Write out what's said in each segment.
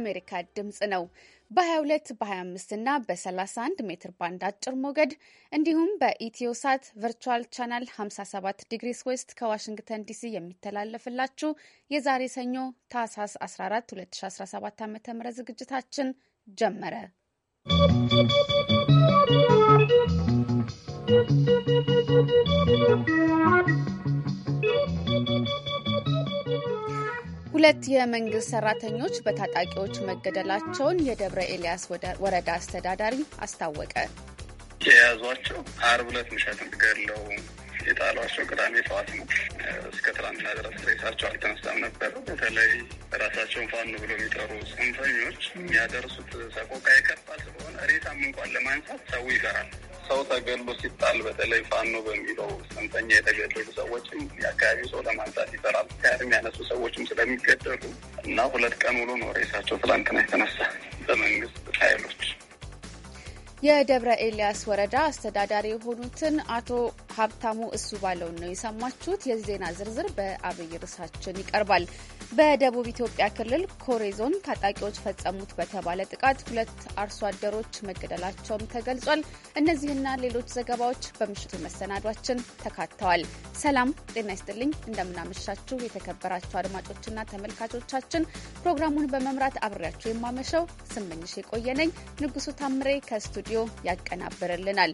የአሜሪካ ድምፅ ነው። በ22 በ25 እና በ31 ሜትር ባንድ አጭር ሞገድ እንዲሁም በኢትዮሳት ቨርቹዋል ቻናል 57 ዲግሪስ ዌስት ከዋሽንግተን ዲሲ የሚተላለፍላችሁ የዛሬ ሰኞ ታህሳስ 14 2017 ዓ ም ዝግጅታችን ጀመረ። ¶¶ ሁለት የመንግስት ሰራተኞች በታጣቂዎች መገደላቸውን የደብረ ኤልያስ ወረዳ አስተዳዳሪ አስታወቀ። የያዟቸው አርብ ዕለት ምሽት ገለው የጣሏቸው ቅዳሜ ጠዋት ነው። እስከ ትላንትና ድረስ ሬሳቸው አልተነሳም ነበር። በተለይ ራሳቸውን ፋኑ ብሎ የሚጠሩ ጽንፈኞች የሚያደርሱት ሰቆቃ የከፋ ስለሆነ ሬሳም እንኳን ለማንሳት ሰው ይቀራል። ሰው ተገሎ ሲጣል በተለይ ፋኖ በሚለው ጽንፈኛ የተገደሉ ሰዎችም የአካባቢ ሰው ለማንሳት ይሰራል። ከያድ የሚያነሱ ሰዎችም ስለሚገደሉ እና ሁለት ቀን ውሎ ነው ሬሳቸው ትላንትና የተነሳ በመንግስት ኃይሎች የደብረ ኤልያስ ወረዳ አስተዳዳሪ የሆኑትን አቶ ሀብታሙ እሱ ባለውን ነው የሰማችሁት። የዜና ዝርዝር በአብይ ርዕሳችን ይቀርባል። በደቡብ ኢትዮጵያ ክልል ኮሬ ዞን ታጣቂዎች ፈጸሙት በተባለ ጥቃት ሁለት አርሶ አደሮች መገደላቸውም ተገልጿል። እነዚህና ሌሎች ዘገባዎች በምሽቱ መሰናዷችን ተካተዋል። ሰላም ጤና ይስጥልኝ። እንደምናመሻችሁ የተከበራችሁ አድማጮችና ተመልካቾቻችን ፕሮግራሙን በመምራት አብሬያችሁ የማመሸው ስመኝሽ የቆየነኝ ንጉሱ ታምሬ ከስቱዲዮ ስቱዲዮ ያቀናብርልናል።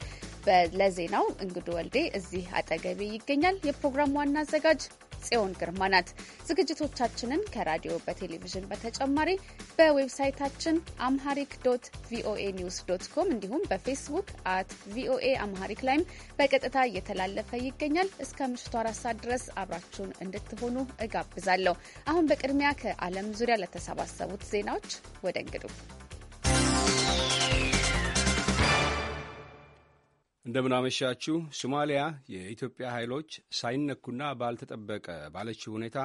ለዜናው እንግዱ ወልዴ እዚህ አጠገቤ ይገኛል። የፕሮግራም ዋና አዘጋጅ ጽዮን ግርማ ናት። ዝግጅቶቻችንን ከራዲዮ በቴሌቪዥን በተጨማሪ በዌብሳይታችን አምሃሪክ ዶት ቪኦኤ ኒውስ ዶት ኮም እንዲሁም በፌስቡክ አት ቪኦኤ አምሃሪክ ላይም በቀጥታ እየተላለፈ ይገኛል። እስከ ምሽቱ አራት ሰዓት ድረስ አብራችሁን እንድትሆኑ እጋብዛለሁ። አሁን በቅድሚያ ከዓለም ዙሪያ ለተሰባሰቡት ዜናዎች ወደ እንግዱ እንደምናመሻችሁ። ሶማሊያ የኢትዮጵያ ኃይሎች ሳይነኩና ባልተጠበቀ ባለችው ሁኔታ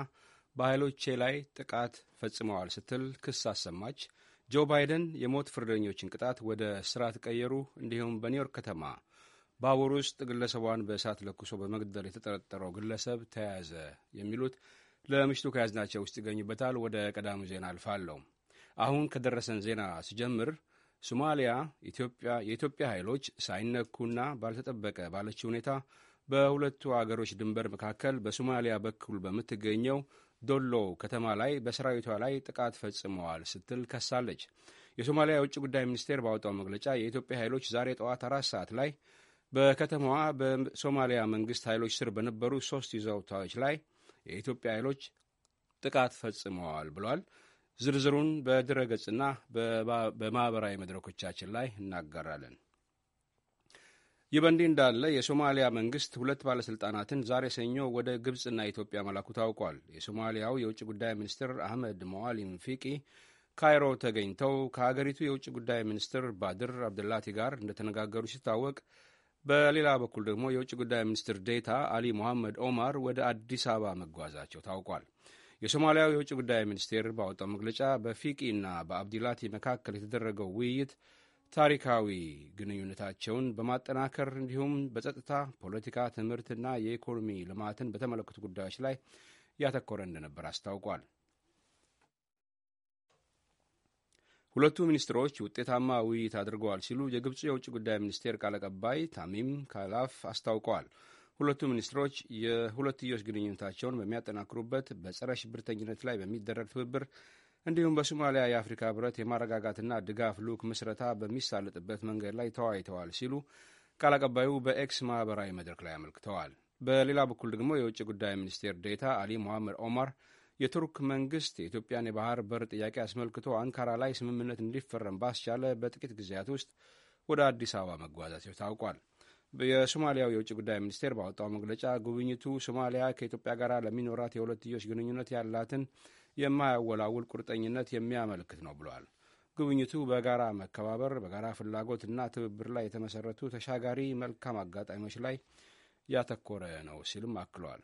በኃይሎቼ ላይ ጥቃት ፈጽመዋል ስትል ክስ አሰማች። ጆ ባይደን የሞት ፍርደኞችን ቅጣት ወደ እስራት ቀየሩ። እንዲሁም በኒውዮርክ ከተማ ባቡር ውስጥ ግለሰቧን በእሳት ለኩሶ በመግደል የተጠረጠረው ግለሰብ ተያያዘ። የሚሉት ለምሽቱ ከያዝናቸው ውስጥ ይገኙበታል። ወደ ቀዳሙ ዜና አልፋለሁ። አሁን ከደረሰን ዜና ስጀምር ሶማሊያ የኢትዮጵያ ኃይሎች ሳይነኩና ባልተጠበቀ ባለችው ሁኔታ በሁለቱ አገሮች ድንበር መካከል በሶማሊያ በኩል በምትገኘው ዶሎ ከተማ ላይ በሰራዊቷ ላይ ጥቃት ፈጽመዋል ስትል ከሳለች። የሶማሊያ የውጭ ጉዳይ ሚኒስቴር ባወጣው መግለጫ የኢትዮጵያ ኃይሎች ዛሬ ጠዋት አራት ሰዓት ላይ በከተማዋ በሶማሊያ መንግስት ኃይሎች ስር በነበሩ ሶስት ይዞታዎች ላይ የኢትዮጵያ ኃይሎች ጥቃት ፈጽመዋል ብሏል። ዝርዝሩን በድረገጽና በማኅበራዊ መድረኮቻችን ላይ እናጋራለን። ይህ በእንዲህ እንዳለ የሶማሊያ መንግስት ሁለት ባለሥልጣናትን ዛሬ ሰኞ ወደ ግብፅና ኢትዮጵያ መላኩ ታውቋል። የሶማሊያው የውጭ ጉዳይ ሚኒስትር አህመድ መዋሊም ፊቂ ካይሮ ተገኝተው ከሀገሪቱ የውጭ ጉዳይ ሚኒስትር ባድር አብደላቲ ጋር እንደተነጋገሩ ሲታወቅ፣ በሌላ በኩል ደግሞ የውጭ ጉዳይ ሚኒስትር ዴታ አሊ ሞሐመድ ኦማር ወደ አዲስ አበባ መጓዛቸው ታውቋል። የሶማሊያው የውጭ ጉዳይ ሚኒስቴር ባወጣው መግለጫ በፊቂ እና በአብዲላቲ መካከል የተደረገው ውይይት ታሪካዊ ግንኙነታቸውን በማጠናከር እንዲሁም በጸጥታ ፖለቲካ፣ ትምህርትና የኢኮኖሚ ልማትን በተመለከቱ ጉዳዮች ላይ ያተኮረ እንደነበር አስታውቋል። ሁለቱ ሚኒስትሮች ውጤታማ ውይይት አድርገዋል ሲሉ የግብፁ የውጭ ጉዳይ ሚኒስቴር ቃል አቀባይ ታሚም ካላፍ አስታውቀዋል። ሁለቱ ሚኒስትሮች የሁለትዮሽ ግንኙነታቸውን በሚያጠናክሩበት በጸረ ሽብርተኝነት ላይ በሚደረግ ትብብር እንዲሁም በሶማሊያ የአፍሪካ ህብረት የማረጋጋትና ድጋፍ ልዑክ ምስረታ በሚሳለጥበት መንገድ ላይ ተወያይተዋል ሲሉ ቃል አቀባዩ በኤክስ ማህበራዊ መድረክ ላይ አመልክተዋል። በሌላ በኩል ደግሞ የውጭ ጉዳይ ሚኒስቴር ዴታ አሊ ሞሐመድ ኦማር የቱርክ መንግስት የኢትዮጵያን የባህር በር ጥያቄ አስመልክቶ አንካራ ላይ ስምምነት እንዲፈረም ባስቻለ በጥቂት ጊዜያት ውስጥ ወደ አዲስ አበባ መጓዛቸው ታውቋል። የሶማሊያው የውጭ ጉዳይ ሚኒስቴር ባወጣው መግለጫ ጉብኝቱ ሶማሊያ ከኢትዮጵያ ጋር ለሚኖራት የሁለትዮሽ ግንኙነት ያላትን የማያወላውል ቁርጠኝነት የሚያመለክት ነው ብለዋል። ጉብኝቱ በጋራ መከባበር፣ በጋራ ፍላጎት እና ትብብር ላይ የተመሰረቱ ተሻጋሪ መልካም አጋጣሚዎች ላይ ያተኮረ ነው ሲልም አክለዋል።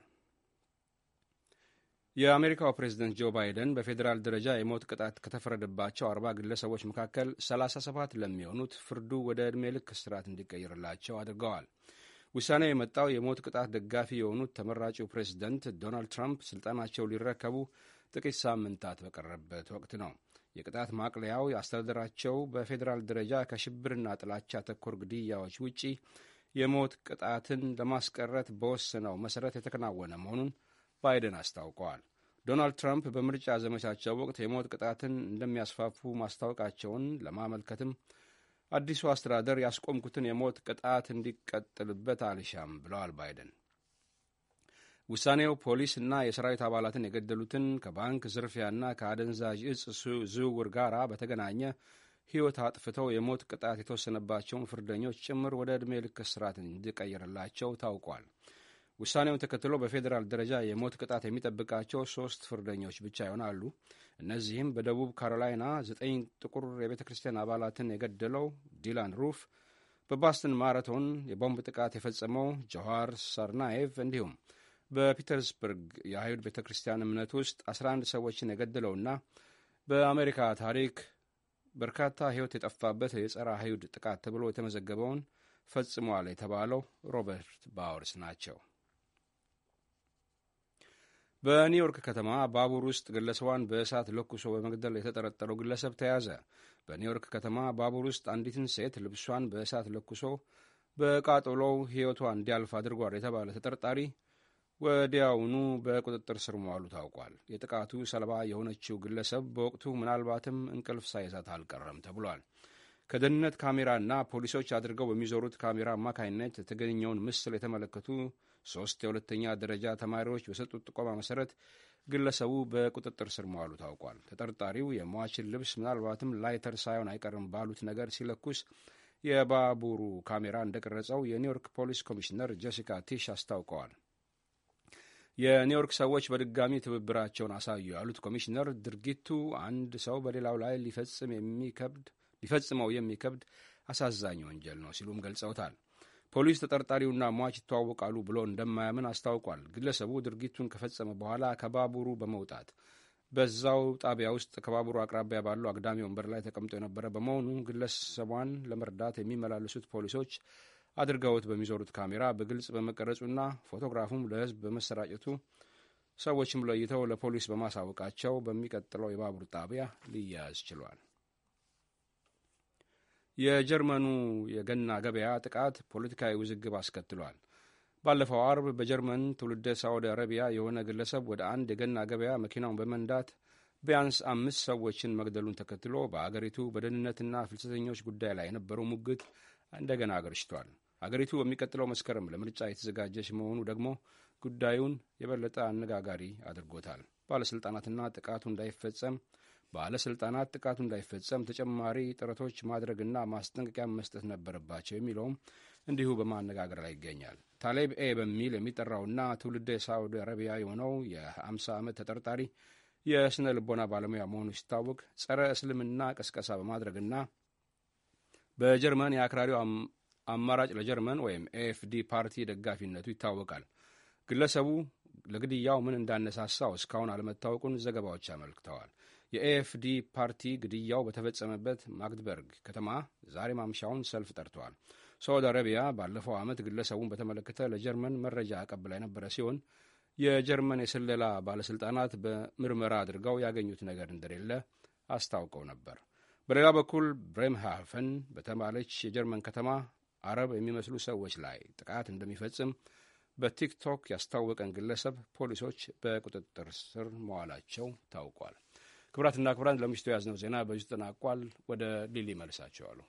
የአሜሪካው ፕሬዝደንት ጆ ባይደን በፌዴራል ደረጃ የሞት ቅጣት ከተፈረደባቸው አርባ ግለሰቦች መካከል 37 ለሚሆኑት ፍርዱ ወደ ዕድሜ ልክ እስራት እንዲቀይርላቸው አድርገዋል። ውሳኔው የመጣው የሞት ቅጣት ደጋፊ የሆኑት ተመራጩ ፕሬዝደንት ዶናልድ ትራምፕ ስልጣናቸው ሊረከቡ ጥቂት ሳምንታት በቀረበት ወቅት ነው። የቅጣት ማቅለያው አስተዳደራቸው በፌዴራል ደረጃ ከሽብርና ጥላቻ ተኮር ግድያዎች ውጪ የሞት ቅጣትን ለማስቀረት በወሰነው መሠረት የተከናወነ መሆኑን ባይደን አስታውቀዋል። ዶናልድ ትራምፕ በምርጫ ዘመቻቸው ወቅት የሞት ቅጣትን እንደሚያስፋፉ ማስታወቃቸውን ለማመልከትም አዲሱ አስተዳደር ያስቆምኩትን የሞት ቅጣት እንዲቀጥልበት አልሻም ብለዋል ባይደን። ውሳኔው ፖሊስ እና የሰራዊት አባላትን የገደሉትን ከባንክ ዝርፊያና ከአደንዛዥ እጽ ዝውውር ጋር በተገናኘ ሕይወት አጥፍተው የሞት ቅጣት የተወሰነባቸውን ፍርደኞች ጭምር ወደ ዕድሜ ልክ እስራት እንዲቀየርላቸው ታውቋል። ውሳኔውን ተከትሎ በፌዴራል ደረጃ የሞት ቅጣት የሚጠብቃቸው ሶስት ፍርደኞች ብቻ ይሆናሉ። እነዚህም በደቡብ ካሮላይና ዘጠኝ ጥቁር የቤተ ክርስቲያን አባላትን የገደለው ዲላን ሩፍ፣ በባስትን ማራቶን የቦምብ ጥቃት የፈጸመው ጆሃር ሳርናኤቭ እንዲሁም በፒተርስበርግ የአይሁድ ቤተ ክርስቲያን እምነት ውስጥ 11 ሰዎችን የገደለውና በአሜሪካ ታሪክ በርካታ ሕይወት የጠፋበት የጸረ አይሁድ ጥቃት ተብሎ የተመዘገበውን ፈጽሟል የተባለው ሮበርት ባወርስ ናቸው። በኒውዮርክ ከተማ ባቡር ውስጥ ግለሰቧን በእሳት ለኩሶ በመግደል የተጠረጠረው ግለሰብ ተያዘ። በኒውዮርክ ከተማ ባቡር ውስጥ አንዲትን ሴት ልብሷን በእሳት ለኩሶ በቃጠሎው ሕይወቷ እንዲያልፍ አድርጓል የተባለ ተጠርጣሪ ወዲያውኑ በቁጥጥር ስር መዋሉ ታውቋል። የጥቃቱ ሰለባ የሆነችው ግለሰብ በወቅቱ ምናልባትም እንቅልፍ ሳይዛት አልቀረም ተብሏል። ከደህንነት ካሜራና ፖሊሶች አድርገው በሚዞሩት ካሜራ አማካኝነት የተገኘውን ምስል የተመለከቱ ሶስት የሁለተኛ ደረጃ ተማሪዎች በሰጡት ጥቆማ መሰረት ግለሰቡ በቁጥጥር ስር መዋሉ ታውቋል። ተጠርጣሪው የሟችን ልብስ ምናልባትም ላይተር ሳይሆን አይቀርም ባሉት ነገር ሲለኩስ የባቡሩ ካሜራ እንደቀረጸው የኒውዮርክ ፖሊስ ኮሚሽነር ጄሲካ ቲሽ አስታውቀዋል። የኒውዮርክ ሰዎች በድጋሚ ትብብራቸውን አሳዩ ያሉት ኮሚሽነር ድርጊቱ አንድ ሰው በሌላው ላይ ሊፈጽመው የሚከብድ አሳዛኝ ወንጀል ነው ሲሉም ገልጸውታል። ፖሊስ ተጠርጣሪውና ሟች ይተዋወቃሉ ብሎ እንደማያምን አስታውቋል። ግለሰቡ ድርጊቱን ከፈጸመ በኋላ ከባቡሩ በመውጣት በዛው ጣቢያ ውስጥ ከባቡሩ አቅራቢያ ባለው አግዳሚ ወንበር ላይ ተቀምጦ የነበረ በመሆኑ ግለሰቧን ለመርዳት የሚመላለሱት ፖሊሶች አድርገውት በሚዞሩት ካሜራ በግልጽ በመቀረጹና ፎቶግራፉም ለሕዝብ በመሰራጨቱ ሰዎችም ለይተው ለፖሊስ በማሳወቃቸው በሚቀጥለው የባቡር ጣቢያ ሊያያዝ ችሏል። የጀርመኑ የገና ገበያ ጥቃት ፖለቲካዊ ውዝግብ አስከትሏል። ባለፈው አርብ በጀርመን ትውልደ ሳውዲ አረቢያ የሆነ ግለሰብ ወደ አንድ የገና ገበያ መኪናውን በመንዳት ቢያንስ አምስት ሰዎችን መግደሉን ተከትሎ በአገሪቱ በደህንነትና ፍልሰተኞች ጉዳይ ላይ የነበረው ሙግት እንደገና አገርሽቷል። አገሪቱ በሚቀጥለው መስከረም ለምርጫ የተዘጋጀች መሆኑ ደግሞ ጉዳዩን የበለጠ አነጋጋሪ አድርጎታል። ባለሥልጣናትና ጥቃቱ እንዳይፈጸም ባለሥልጣናት ጥቃቱ እንዳይፈጸም ተጨማሪ ጥረቶች ማድረግና ማስጠንቀቂያ መስጠት ነበረባቸው የሚለውም እንዲሁ በማነጋገር ላይ ይገኛል። ታሌብ ኤ በሚል የሚጠራውና ትውልደ ሳዑዲ አረቢያ የሆነው የ50 ዓመት ተጠርጣሪ የስነ ልቦና ባለሙያ መሆኑ ሲታወቅ ጸረ እስልምና ቀስቀሳ በማድረግና በጀርመን የአክራሪው አማራጭ ለጀርመን ወይም ኤኤፍዲ ፓርቲ ደጋፊነቱ ይታወቃል። ግለሰቡ ለግድያው ምን እንዳነሳሳው እስካሁን አለመታወቁን ዘገባዎች አመልክተዋል። የኤኤፍዲ ፓርቲ ግድያው በተፈጸመበት ማግድበርግ ከተማ ዛሬ ማምሻውን ሰልፍ ጠርተዋል። ሳውዲ አረቢያ ባለፈው ዓመት ግለሰቡን በተመለከተ ለጀርመን መረጃ አቀብላ የነበረ ሲሆን የጀርመን የስለላ ባለሥልጣናት በምርመራ አድርገው ያገኙት ነገር እንደሌለ አስታውቀው ነበር። በሌላ በኩል ብሬምሃፈን በተባለች የጀርመን ከተማ አረብ የሚመስሉ ሰዎች ላይ ጥቃት እንደሚፈጽም በቲክቶክ ያስታወቀን ግለሰብ ፖሊሶች በቁጥጥር ስር መዋላቸው ታውቋል። ክቡራትና ክቡራን ለምሽቱ የያዝነው ዜና በዚሁ ተጠናቋል። ወደ ሊሊ መልሳቸዋሉ።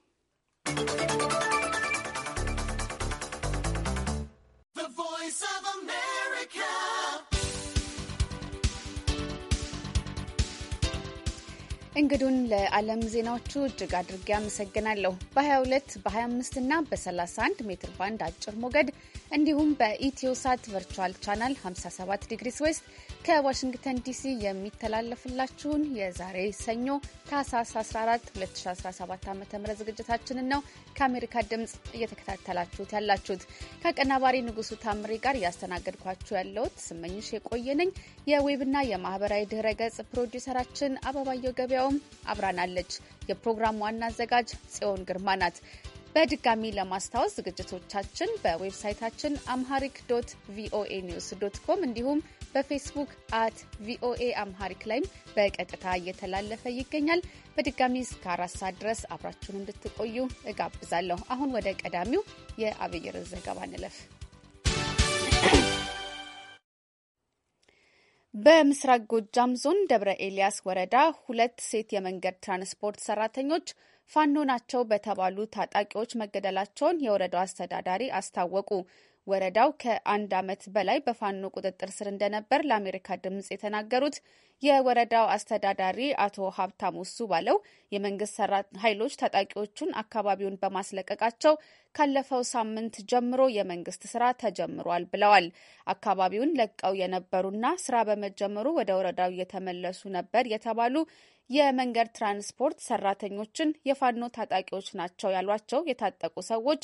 እንግዱን ለዓለም ዜናዎቹ እጅግ አድርጌ አመሰግናለሁ። በ22 በ25 እና በ31 ሜትር ባንድ አጭር ሞገድ እንዲሁም በኢትዮሳት ቨርቹዋል ቻናል 57 ዲግሪስ ዌስት ከዋሽንግተን ዲሲ የሚተላለፍላችሁን የዛሬ ሰኞ ታህሳስ 14 2017 ዓ ም ዝግጅታችንን ነው ከአሜሪካ ድምፅ እየተከታተላችሁት ያላችሁት። ከቀናባሪ ንጉሱ ታምሬ ጋር እያስተናገድኳችሁ ያለሁት ስመኝሽ የቆየነኝ። የዌብና የማህበራዊ ድህረ ገጽ ፕሮዲውሰራችን አበባየው ገበያውም አብራናለች። የፕሮግራም ዋና አዘጋጅ ጽዮን ግርማ ናት። በድጋሚ ለማስታወስ ዝግጅቶቻችን በዌብሳይታችን አምሃሪክ ዶት ቪኦኤ ኒውስ ዶት ኮም እንዲሁም በፌስቡክ አት ቪኦኤ አምሃሪክ ላይም በቀጥታ እየተላለፈ ይገኛል። በድጋሚ እስከ አራት ሰዓት ድረስ አብራችሁን እንድትቆዩ እጋብዛለሁ። አሁን ወደ ቀዳሚው የአብይር ዘገባ እንለፍ። በምስራቅ ጎጃም ዞን ደብረ ኤልያስ ወረዳ ሁለት ሴት የመንገድ ትራንስፖርት ሰራተኞች ፋኖ ናቸው በተባሉ ታጣቂዎች መገደላቸውን የወረዳው አስተዳዳሪ አስታወቁ። ወረዳው ከአንድ ዓመት በላይ በፋኖ ቁጥጥር ስር እንደነበር ለአሜሪካ ድምፅ የተናገሩት የወረዳው አስተዳዳሪ አቶ ሀብታሙ ሱ ባለው የመንግስት ሰራ ኃይሎች ታጣቂዎቹን አካባቢውን በማስለቀቃቸው ካለፈው ሳምንት ጀምሮ የመንግስት ስራ ተጀምሯል ብለዋል። አካባቢውን ለቀው የነበሩና ስራ በመጀመሩ ወደ ወረዳው እየተመለሱ ነበር የተባሉ የመንገድ ትራንስፖርት ሰራተኞችን የፋኖ ታጣቂዎች ናቸው ያሏቸው የታጠቁ ሰዎች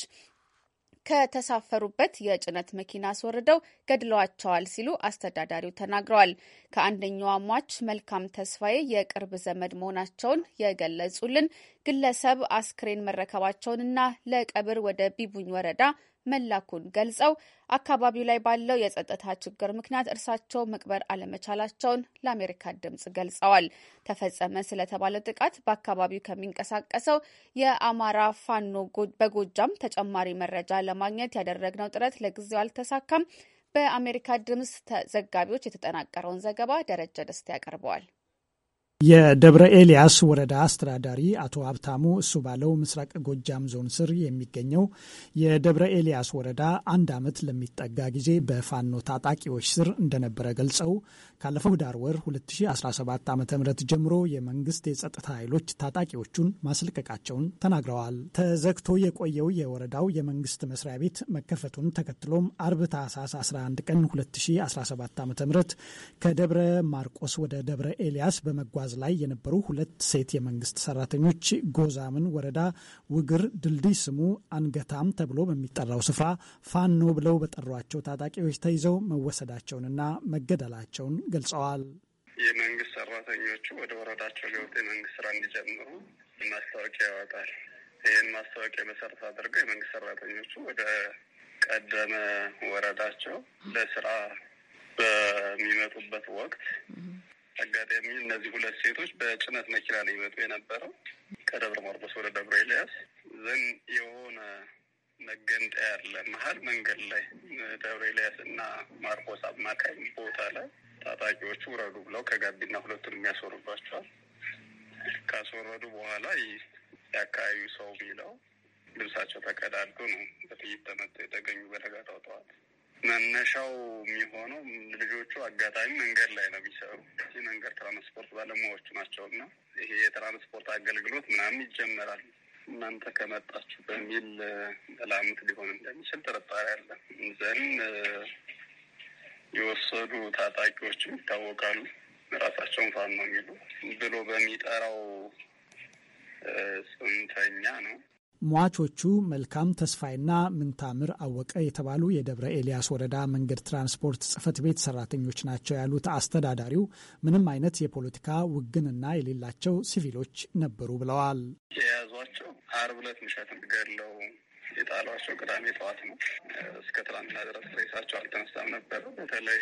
ከተሳፈሩበት የጭነት መኪና አስወርደው ገድለዋቸዋል ሲሉ አስተዳዳሪው ተናግረዋል። ከአንደኛዋ ሟች መልካም ተስፋዬ የቅርብ ዘመድ መሆናቸውን የገለጹልን ግለሰብ አስክሬን መረከባቸውንና ለቀብር ወደ ቢቡኝ ወረዳ መላኩን ገልጸው አካባቢው ላይ ባለው የጸጥታ ችግር ምክንያት እርሳቸው መቅበር አለመቻላቸውን ለአሜሪካ ድምጽ ገልጸዋል። ተፈጸመ ስለተባለው ጥቃት በአካባቢው ከሚንቀሳቀሰው የአማራ ፋኖ በጎጃም ተጨማሪ መረጃ ለማግኘት ያደረግነው ጥረት ለጊዜው አልተሳካም። በአሜሪካ ድምጽ ዘጋቢዎች የተጠናቀረውን ዘገባ ደረጀ ደስታ ያቀርበዋል። የደብረ ኤልያስ ወረዳ አስተዳዳሪ አቶ ሀብታሙ እሱ ባለው ምስራቅ ጎጃም ዞን ስር የሚገኘው የደብረ ኤልያስ ወረዳ አንድ ዓመት ለሚጠጋ ጊዜ በፋኖ ታጣቂዎች ስር እንደነበረ ገልጸው ካለፈው ዳር ወር 2017 ዓ ም ጀምሮ የመንግስት የጸጥታ ኃይሎች ታጣቂዎቹን ማስለቀቃቸውን ተናግረዋል። ተዘግቶ የቆየው የወረዳው የመንግስት መስሪያ ቤት መከፈቱን ተከትሎም አርብ ታህሳስ 11 ቀን 2017 ዓ ም ከደብረ ማርቆስ ወደ ደብረ ኤልያስ በመጓ በመጓዝ ላይ የነበሩ ሁለት ሴት የመንግስት ሰራተኞች ጎዛምን ወረዳ ውግር ድልድይ ስሙ አንገታም ተብሎ በሚጠራው ስፍራ ፋኖ ብለው በጠሯቸው ታጣቂዎች ተይዘው መወሰዳቸውንና መገደላቸውን ገልጸዋል። የመንግስት ሰራተኞቹ ወደ ወረዳቸው ሊወጡ የመንግስት ስራ እንዲጀምሩ ማስታወቂያ ያወጣል። ይህን ማስታወቂያ መሰረት አድርገው የመንግስት ሰራተኞቹ ወደ ቀደመ ወረዳቸው ለስራ በሚመጡበት ወቅት አጋጣሚ እነዚህ ሁለት ሴቶች በጭነት መኪና ነው ይመጡ የነበረው ከደብረ ማርቆስ ወደ ደብረ ኤልያስ ዘን የሆነ መገንጠያ ያለ መሀል መንገድ ላይ ደብረ ኤልያስ እና ማርቆስ አማካኝ ቦታ ላይ ታጣቂዎቹ ውረዱ ብለው ከጋቢና ሁለቱን የሚያስወርዷቸዋል። ካስወረዱ በኋላ የአካባቢው ሰው ቢለው ልብሳቸው ተቀዳዶ ነው በጥይት ተመቶ የተገኙ በነጋታው ጠዋት መነሻው የሚሆነው ልጆቹ አጋጣሚ መንገድ ላይ ነው የሚሰሩ መንገድ ትራንስፖርት ባለሙያዎቹ ናቸው እና ይሄ የትራንስፖርት አገልግሎት ምናምን ይጀመራል እናንተ ከመጣችሁ በሚል ላምት ሊሆን እንደሚችል ጥርጣሬ አለ ዘን የወሰዱ ታጣቂዎችም ይታወቃሉ ራሳቸውን ፋኖ የሚሉ ብሎ በሚጠራው ጽንፈኛ ነው ሟቾቹ መልካም ተስፋይና ምንታምር አወቀ የተባሉ የደብረ ኤልያስ ወረዳ መንገድ ትራንስፖርት ጽህፈት ቤት ሰራተኞች ናቸው ያሉት አስተዳዳሪው ምንም አይነት የፖለቲካ ውግንና የሌላቸው ሲቪሎች ነበሩ ብለዋል። የያዟቸው አርብ ዕለት ምሽት የጣሏቸው ቅዳሜ ጠዋት ነው። እስከ ትላንትና ድረስ ሬሳቸው አልተነሳም ነበረ። በተለይ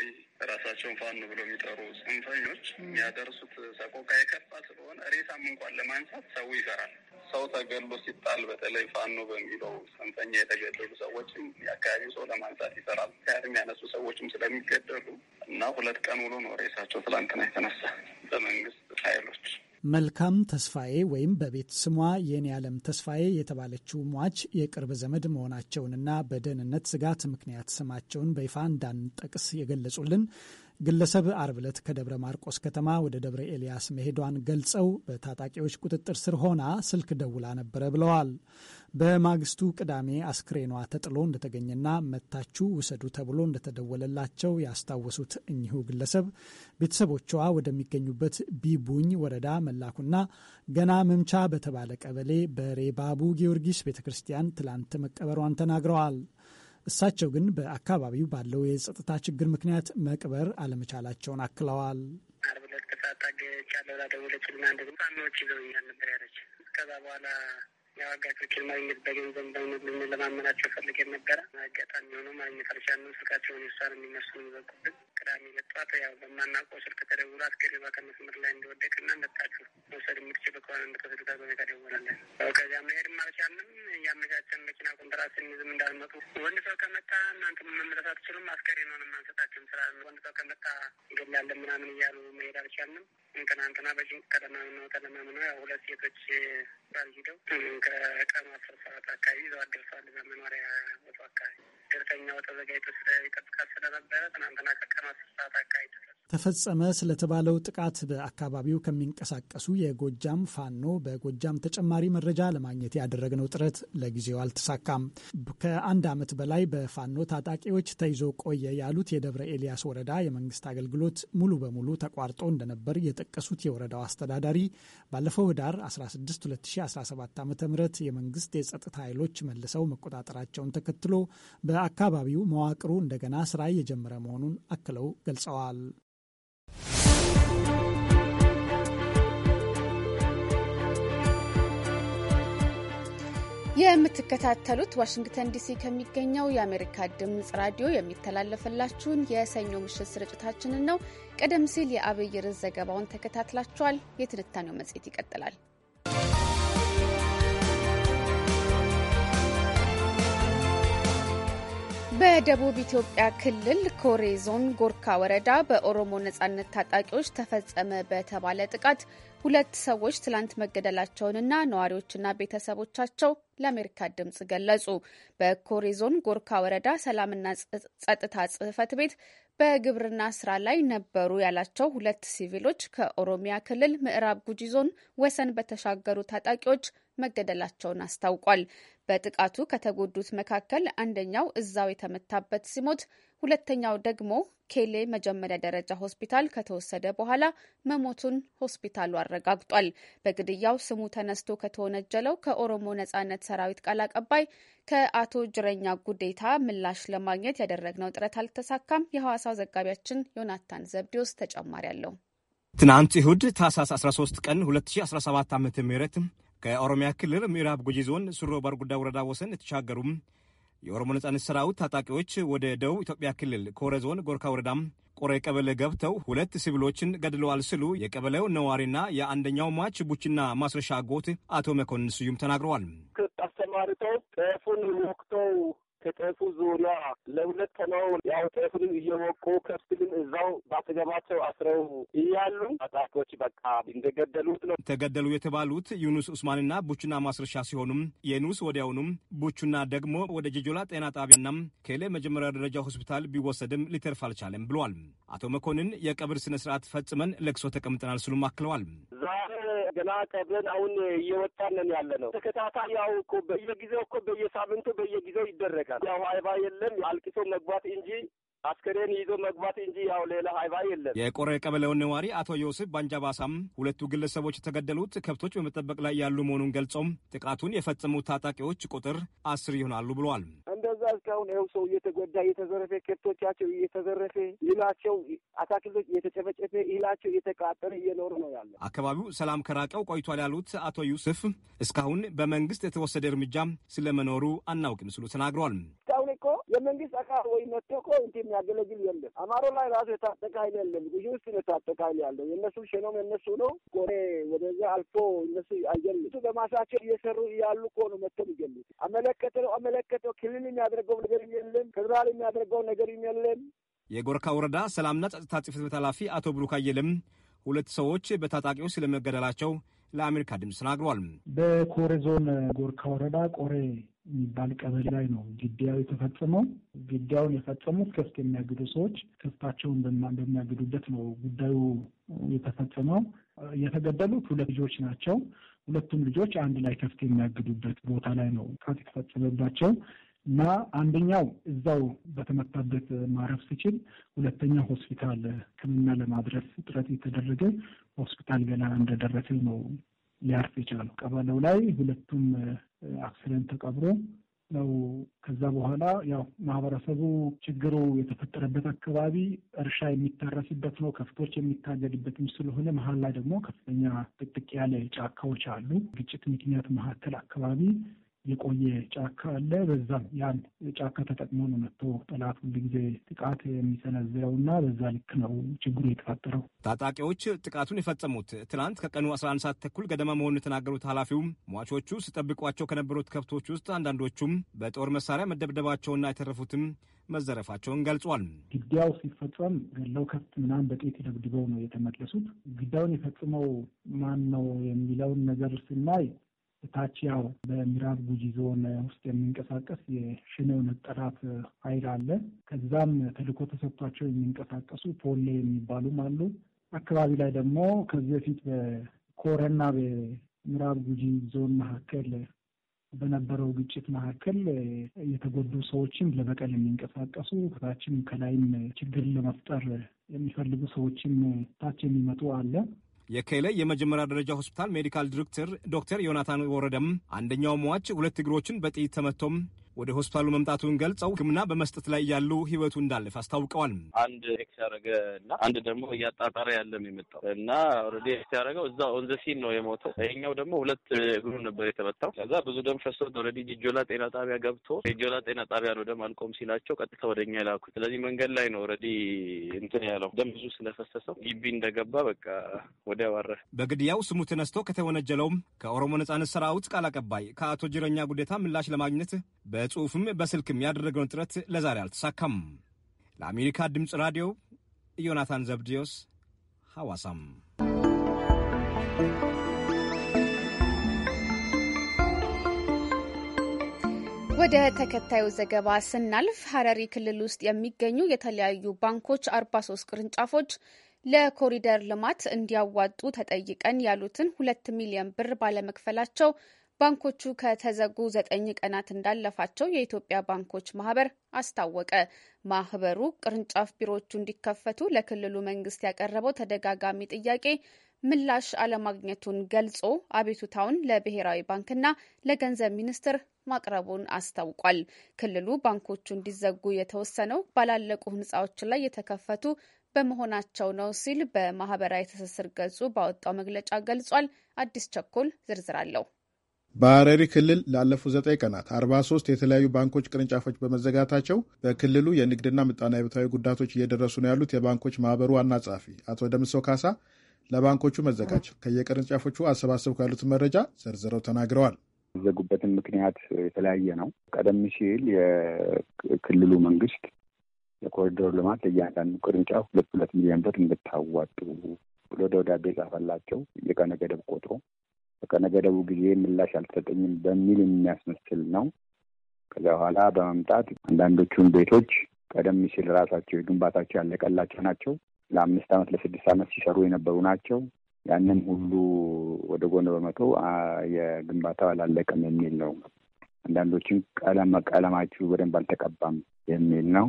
ራሳቸውን ፋኖ ብሎ የሚጠሩ ጽንፈኞች የሚያደርሱት ሰቆቃ የከፋ ስለሆነ ሬሳም እንኳን ለማንሳት ሰው ይፈራል። ሰው ተገሎ ሲጣል በተለይ ፋኖ በሚለው ጽንፈኛ የተገደሉ ሰዎችም የአካባቢ ሰው ለማንሳት ይፈራል። ምክንያቱም የሚያነሱ ሰዎችም ስለሚገደሉ እና ሁለት ቀን ውሎ ነው ሬሳቸው ትላንትና የተነሳ በመንግስት ኃይሎች መልካም ተስፋዬ ወይም በቤት ስሟ የኔ ዓለም ተስፋዬ የተባለችው ሟች የቅርብ ዘመድ መሆናቸውንና በደህንነት ስጋት ምክንያት ስማቸውን በይፋ እንዳንጠቅስ የገለጹልን ግለሰብ አርብ ዕለት ከደብረ ማርቆስ ከተማ ወደ ደብረ ኤልያስ መሄዷን ገልጸው በታጣቂዎች ቁጥጥር ስር ሆና ስልክ ደውላ ነበረ ብለዋል። በማግስቱ ቅዳሜ አስክሬኗ ተጥሎ እንደተገኘና መታችሁ ውሰዱ ተብሎ እንደተደወለላቸው ያስታወሱት እኚሁ ግለሰብ ቤተሰቦቿ ወደሚገኙበት ቢቡኝ ወረዳ መላኩና ገና መምቻ በተባለ ቀበሌ በሬባቡ ጊዮርጊስ ቤተ ክርስቲያን ትላንት መቀበሯን ተናግረዋል። እሳቸው ግን በአካባቢው ባለው የጸጥታ ችግር ምክንያት መቅበር አለመቻላቸውን አክለዋል። አርብ ዕለት ከሰዓት ፋኖዎች ይዘውኛል ነበር ያለች። ከዛ በኋላ ማግኘት በገንዘብ በእውነት ለማመናቸው ፈልገን ነበረ። አጋጣሚ የሆነው ማግኘት አልቻልንም። ስልካቸውን የሷን የሚነሱ ይዘጉብን ቅዳሜ ለጠዋት ያው በማናውቀው ስልክ ተደውሎ አስገሬ ከመስመር ላይ እና መጣችሁ መውሰድ የምትችሉ ከሆነ እንድትወስዱ ታዞነ ደወላለን። ከዚያ መሄድም አልቻልንም። እያመቻቸን መኪና ኮንትራት ስንይዝም እንዳልመጡ ወንድ ሰው ከመጣ እናንተ መመለስ አትችሉም፣ አስገሬ ነው ማንሰጣችሁም ስራ ወንድ ሰው ከመጣ እንገላለን ምናምን እያሉ መሄድ አልቻልንም። ትናንትና በሽንቅ ተለማምነው ተለማምነው ያው ሁለት ሴቶች ባል ሂደው ከቀኑ አስር ሰዓት አካባቢ ይዘው አደርሰዋል። በመኖሪያ ቦታው አካባቢ ብሔርተኛው ተዘጋጅቶ ይጠብቃል ስለነበረ ትናንትና ከቀኑ አስር ሰዓት አካባቢ ተፈጸመ ስለተባለው ጥቃት በአካባቢው ከሚንቀሳቀሱ የጎጃም ፋኖ በጎጃም ተጨማሪ መረጃ ለማግኘት ያደረግነው ጥረት ለጊዜው አልተሳካም። ከአንድ ዓመት በላይ በፋኖ ታጣቂዎች ተይዞ ቆየ ያሉት የደብረ ኤልያስ ወረዳ የመንግስት አገልግሎት ሙሉ በሙሉ ተቋርጦ እንደነበር የጠቀሱት የወረዳው አስተዳዳሪ ባለፈው ህዳር 16 2017 ዓ ም የመንግስት የጸጥታ ኃይሎች መልሰው መቆጣጠራቸውን ተከትሎ በ አካባቢው መዋቅሩ እንደገና ስራ እየጀመረ መሆኑን አክለው ገልጸዋል። የምትከታተሉት ዋሽንግተን ዲሲ ከሚገኘው የአሜሪካ ድምፅ ራዲዮ የሚተላለፍላችሁን የሰኞ ምሽት ስርጭታችንን ነው። ቀደም ሲል የአብይ ርዕስ ዘገባውን ተከታትላችኋል። የትንታኔው መጽሔት ይቀጥላል። በደቡብ ኢትዮጵያ ክልል ኮሬ ዞን ጎርካ ወረዳ በኦሮሞ ነጻነት ታጣቂዎች ተፈጸመ በተባለ ጥቃት ሁለት ሰዎች ትላንት መገደላቸውንና ነዋሪዎችና ቤተሰቦቻቸው ለአሜሪካ ድምጽ ገለጹ። በኮሬ ዞን ጎርካ ወረዳ ሰላምና ጸጥታ ጽህፈት ቤት በግብርና ስራ ላይ ነበሩ ያላቸው ሁለት ሲቪሎች ከኦሮሚያ ክልል ምዕራብ ጉጂ ዞን ወሰን በተሻገሩ ታጣቂዎች መገደላቸውን አስታውቋል። በጥቃቱ ከተጎዱት መካከል አንደኛው እዛው የተመታበት ሲሞት ሁለተኛው ደግሞ ኬሌ መጀመሪያ ደረጃ ሆስፒታል ከተወሰደ በኋላ መሞቱን ሆስፒታሉ አረጋግጧል። በግድያው ስሙ ተነስቶ ከተወነጀለው ከኦሮሞ ነጻነት ሰራዊት ቃል አቀባይ ከአቶ ጅረኛ ጉዴታ ምላሽ ለማግኘት ያደረግነው ጥረት አልተሳካም። የሐዋሳው ዘጋቢያችን ዮናታን ዘብዲዎስ ተጨማሪ አለው። ትናንት እሁድ ታህሳስ 13 ቀን 2017 ዓ ም ከኦሮሚያ ክልል ምዕራብ ጉጂ ዞን ሱሮ ባርጉዳ ወረዳ ወሰን የተሻገሩ የኦሮሞ ነጻነት ሰራዊት ታጣቂዎች ወደ ደቡብ ኢትዮጵያ ክልል ኮረ ዞን ጎርካ ወረዳም ቆረ ቀበሌ ገብተው ሁለት ሲቪሎችን ገድለዋል ሲሉ የቀበሌው ነዋሪና የአንደኛው ማች ቡችና ማስረሻ ጎት አቶ መኮንን ስዩም ተናግረዋል። አስተማርተው ጤፉን ወቅተው ከጤፉ ዙሪያ ለሁለት ተነው ያው ጤፉን እየወቁ ከብትንም እዛው ባተገባቸው አስረው እያሉ አዛዦች በቃ እንደገደሉት ነው። ተገደሉ የተባሉት ዩኑስ ኡስማንና ቡቹና ማስረሻ ሲሆኑም የኑስ ወዲያውኑም ቡቹና ደግሞ ወደ ጅጆላ ጤና ጣቢያና ከሌ መጀመሪያ ደረጃ ሆስፒታል ቢወሰድም ሊተርፍ አልቻለም ብሏል። አቶ መኮንን የቀብር ስነ ስርዓት ፈጽመን ለቅሶ ተቀምጠናል ስሉም አክለዋል። ዛሬ ገና ቀብረን አሁን እየወጣን ያለ ነው። ተከታታይ ያው እኮ በየጊዜው እኮ በየሳምንቱ በየጊዜው ይደረጋል። ይቻላል። ያው ሀይባ የለም አልቅሶ መግባት እንጂ አስከሬን ይዞ መግባት እንጂ ያው ሌላ ሀይባ የለም። የቆሬ ቀበሌውን ነዋሪ አቶ ዮስፍ ባንጃባሳም ሁለቱ ግለሰቦች የተገደሉት ከብቶች በመጠበቅ ላይ ያሉ መሆኑን ገልጾም ጥቃቱን የፈጸሙት ታጣቂዎች ቁጥር አስር ይሆናሉ ብለዋል። እስካሁን ይኸው ሰው እየተጎዳ እየተዘረፈ ከብቶቻቸው እየተዘረፈ ይላቸው አታክልቶች እየተጨፈጨፈ ይላቸው እየተቃጠለ እየኖር ነው ያለ። አካባቢው ሰላም ከራቀው ቆይቷል ያሉት አቶ ዩስፍ እስካሁን በመንግስት የተወሰደ እርምጃ ስለመኖሩ አናውቅም ስሉ ተናግሯል። የመንግስት አካል ወይ መጥቶ እኮ እንትን የሚያገለግል የለም። አማሮ ላይ ራሱ የታጠቀ ኃይል የለም። ብዙ ውስጥ ነው የታጠቀ ኃይል ያለው። የእነሱ ሸኖም የእነሱ ነው። ቆሬ ወደዛ አልፎ እነሱ አይገልም። እሱ በማሳቸው እየሰሩ እያሉ እኮ ነው መጥተው ይገሉት። አመለከተ ነው አመለከተው። ክልል የሚያደርገው ነገር የለም። ፌዴራል የሚያደርገው ነገር የለም። የጎርካ ወረዳ ሰላምና ጸጥታ ጽሕፈት ቤት ኃላፊ አቶ ብሩክ አየልም ሁለት ሰዎች በታጣቂው ስለመገደላቸው ለአሜሪካ ድምፅ ተናግሯል። በኮሬ ዞን ጎርካ ወረዳ ቆሬ የሚባል ቀበሌ ላይ ነው ግድያው የተፈጸመው። ግድያውን የፈጸሙት ከፍት የሚያግዱ ሰዎች ከፍታቸውን በሚያግዱበት ነው ጉዳዩ የተፈጸመው። የተገደሉት ሁለት ልጆች ናቸው። ሁለቱም ልጆች አንድ ላይ ከፍት የሚያግዱበት ቦታ ላይ ነው ጥቃት የተፈጸመባቸው እና አንደኛው እዛው በተመታበት ማረፍ ሲችል፣ ሁለተኛው ሆስፒታል ሕክምና ለማድረስ ጥረት የተደረገ ሆስፒታል ገና እንደደረሰ ነው ሊያርፍ የቻለው። ቀበሌው ላይ ሁለቱም አክሲደንት ተቀብሮ ነው። ከዛ በኋላ ያው ማህበረሰቡ ችግሩ የተፈጠረበት አካባቢ እርሻ የሚታረስበት ነው፣ ከፍቶች የሚታገድበትም ስለሆነ መሀል ላይ ደግሞ ከፍተኛ ጥቅጥቅ ያለ ጫካዎች አሉ። ግጭት ምክንያት መካከል አካባቢ የቆየ ጫካ አለ። በዛም ያን ጫካ ተጠቅሞ ነው መጥቶ ጠላት ጊዜ ጥቃት የሚሰነዝረው እና በዛ ልክ ነው ችግሩ የተፈጠረው። ታጣቂዎች ጥቃቱን የፈጸሙት ትናንት ከቀኑ 11 ሰዓት ተኩል ገደማ መሆኑን የተናገሩት ኃላፊውም ሟቾቹ ሲጠብቋቸው ከነበሩት ከብቶች ውስጥ አንዳንዶቹም በጦር መሳሪያ መደብደባቸውና የተረፉትም መዘረፋቸውን ገልጿል። ግድያው ሲፈጸም ገለው ከብት ምናምን በጤት ደብድበው ነው የተመለሱት። ግድያውን የፈጽመው ማን ነው የሚለውን ነገር ስናይ ታች ያው በምዕራብ ጉጂ ዞን ውስጥ የሚንቀሳቀስ የሽነው ነጠራት ኃይል አለ። ከዛም ተልእኮ ተሰጥቷቸው የሚንቀሳቀሱ ፖሌ የሚባሉም አሉ። አካባቢ ላይ ደግሞ ከዚህ በፊት በኮረና በምዕራብ ጉጂ ዞን መካከል በነበረው ግጭት መካከል የተጎዱ ሰዎችን ለበቀል የሚንቀሳቀሱ ከታችም ከላይም ችግር ለመፍጠር የሚፈልጉ ሰዎችም ታች የሚመጡ አለ። የከይለ የመጀመሪያ ደረጃ ሆስፒታል ሜዲካል ዲሬክተር ዶክተር ዮናታን ወረደም አንደኛው ሟች ሁለት እግሮችን በጥይት ተመቶም ወደ ሆስፒታሉ መምጣቱን ገልጸው ሕክምና በመስጠት ላይ ያሉ ህይወቱ እንዳለፈ አስታውቀዋል። አንድ ኤክስ ያደረገ እና አንድ ደግሞ እያጣጣረ ያለም የመጣው እና ኦልሬዲ ኤክስ ያደረገው እዛ ኦንዘሲን ነው የሞተው። ይሄኛው ደግሞ ሁለት እግሩ ነበር የተመታው። ከዛ ብዙ ደም ፈሶት ኦልሬዲ ጅጆላ ጤና ጣቢያ ገብቶ ጅጆላ ጤና ጣቢያ ነው ደም አልቆም ሲላቸው ቀጥታ ወደኛ ይላኩ። ስለዚህ መንገድ ላይ ነው ኦልሬዲ እንትን ያለው ደም ብዙ ስለፈሰሰው ግቢ እንደገባ በቃ ወዲያ ባረፈ። በግድያው ስሙ ተነስቶ ከተወነጀለውም ከኦሮሞ ነጻነት ሰራዊት ቃል አቀባይ ከአቶ ጅረኛ ጉዴታ ምላሽ ለማግኘት በ በጽሁፍም በስልክም ያደረገውን ጥረት ለዛሬ አልተሳካም። ለአሜሪካ ድምፅ ራዲዮ ዮናታን ዘብድዮስ ሐዋሳም ወደ ተከታዩ ዘገባ ስናልፍ ሀረሪ ክልል ውስጥ የሚገኙ የተለያዩ ባንኮች 43 ቅርንጫፎች ለኮሪደር ልማት እንዲያዋጡ ተጠይቀን ያሉትን ሁለት ሚሊዮን ብር ባለመክፈላቸው ባንኮቹ ከተዘጉ ዘጠኝ ቀናት እንዳለፋቸው የኢትዮጵያ ባንኮች ማህበር አስታወቀ። ማህበሩ ቅርንጫፍ ቢሮዎቹ እንዲከፈቱ ለክልሉ መንግስት ያቀረበው ተደጋጋሚ ጥያቄ ምላሽ አለማግኘቱን ገልጾ አቤቱታውን ለብሔራዊ ባንክና ለገንዘብ ሚኒስትር ማቅረቡን አስታውቋል። ክልሉ ባንኮቹ እንዲዘጉ የተወሰነው ባላለቁ ህንፃዎች ላይ የተከፈቱ በመሆናቸው ነው ሲል በማህበራዊ ትስስር ገጹ ባወጣው መግለጫ ገልጿል። አዲስ ቸኮል ዝርዝር አለው። በሐረሪ ክልል ላለፉት ዘጠኝ ቀናት 43 የተለያዩ ባንኮች ቅርንጫፎች በመዘጋታቸው በክልሉ የንግድና ምጣኔ ሀብታዊ ጉዳቶች እየደረሱ ነው ያሉት የባንኮች ማህበሩ ዋና ጸሐፊ አቶ ደምሰው ካሳ ለባንኮቹ መዘጋጅ ከየቅርንጫፎቹ አሰባሰብኩ ያሉትን መረጃ ዘርዝረው ተናግረዋል። የዘጉበትን ምክንያት የተለያየ ነው። ቀደም ሲል የክልሉ መንግስት የኮሪደሩ ልማት ለእያንዳንዱ ቅርንጫፍ ሁለት ሁለት ሚሊዮን ብር እንድታዋጡ ብሎ ደብዳቤ ጻፈላቸው የቀነ ገደብ ቆጥሮ በቃ ደቡብ ጊዜ ምላሽ አልተሰጠኝም በሚል የሚያስመስል ነው። ከዚያ በኋላ በመምጣት አንዳንዶቹን ቤቶች ቀደም ሲል ራሳቸው የግንባታቸው ያለቀላቸው ናቸው። ለአምስት ዓመት ለስድስት ዓመት ሲሰሩ የነበሩ ናቸው። ያንን ሁሉ ወደ ጎን በመቶ የግንባታው አላለቀም የሚል ነው። አንዳንዶችን ቀለም ቀለማችሁ በደንብ አልተቀባም የሚል ነው።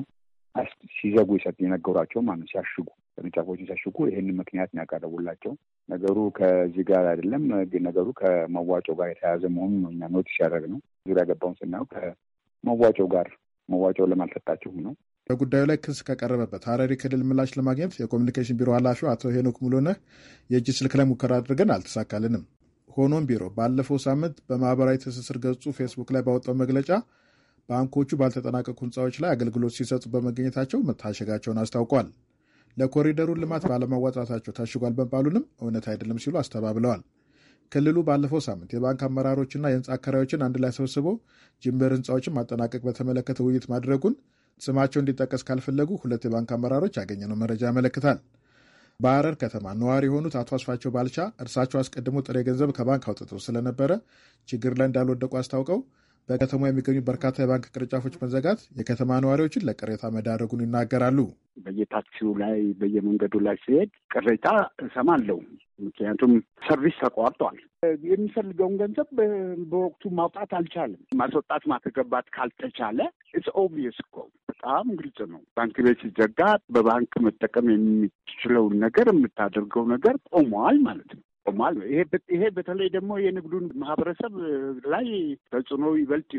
ሲዘጉ የነገሯቸው ማለት ሲያሽጉ ቅርንጫፎችን ሲያሽጉ ይህንን ምክንያት ነው ያቀረቡላቸው። ነገሩ ከዚህ ጋር አይደለም፣ ግን ነገሩ ከመዋጮ ጋር የተያያዘ መሆኑ ነው እኛ ኖቲስ ነው ዙሪያ ገባውን ስናየው ከመዋጮ ጋር መዋጮ ለማልሰጣችሁም ነው። በጉዳዩ ላይ ክስ ከቀረበበት ሐረሪ ክልል ምላሽ ለማግኘት የኮሚኒኬሽን ቢሮ ኃላፊው አቶ ሄኖክ ሙሉነህ የእጅ ስልክ ላይ ሙከራ አድርገን አልተሳካልንም። ሆኖም ቢሮ ባለፈው ሳምንት በማህበራዊ ትስስር ገጹ ፌስቡክ ላይ ባወጣው መግለጫ ባንኮቹ ባልተጠናቀቁ ህንፃዎች ላይ አገልግሎት ሲሰጡ በመገኘታቸው መታሸጋቸውን አስታውቋል። ለኮሪደሩን ልማት ባለማዋጣታቸው ታሽጓል መባሉንም እውነት አይደለም ሲሉ አስተባብለዋል። ክልሉ ባለፈው ሳምንት የባንክ አመራሮችና የህንፃ አከራዮችን አንድ ላይ ሰብስቦ ጅምር ህንፃዎችን ማጠናቀቅ በተመለከተ ውይይት ማድረጉን ስማቸው እንዲጠቀስ ካልፈለጉ ሁለት የባንክ አመራሮች ያገኘነው መረጃ ያመለክታል። በሐረር ከተማ ነዋሪ የሆኑት አቶ አስፋቸው ባልቻ እርሳቸው አስቀድሞ ጥሬ ገንዘብ ከባንክ አውጥተው ስለነበረ ችግር ላይ እንዳልወደቁ አስታውቀው በከተማ የሚገኙ በርካታ የባንክ ቅርንጫፎች መዘጋት የከተማ ነዋሪዎችን ለቅሬታ መዳረጉን ይናገራሉ። በየታክሲው ላይ በየመንገዱ ላይ ሲሄድ ቅሬታ እሰማለሁ። ምክንያቱም ሰርቪስ ተቋርጧል። የሚፈልገውን ገንዘብ በወቅቱ ማውጣት አልቻለም። ማስወጣት ማስገባት ካልተቻለ ኢትስ ኦብቪየስ እኮ በጣም ግልጽ ነው። ባንክ ቤት ሲዘጋ በባንክ መጠቀም የሚችለውን ነገር የምታደርገው ነገር ቆመዋል ማለት ነው። ቆሟል። ይሄ በተለይ ደግሞ የንግዱን ማህበረሰብ ላይ ተጽዕኖ ይበልጥ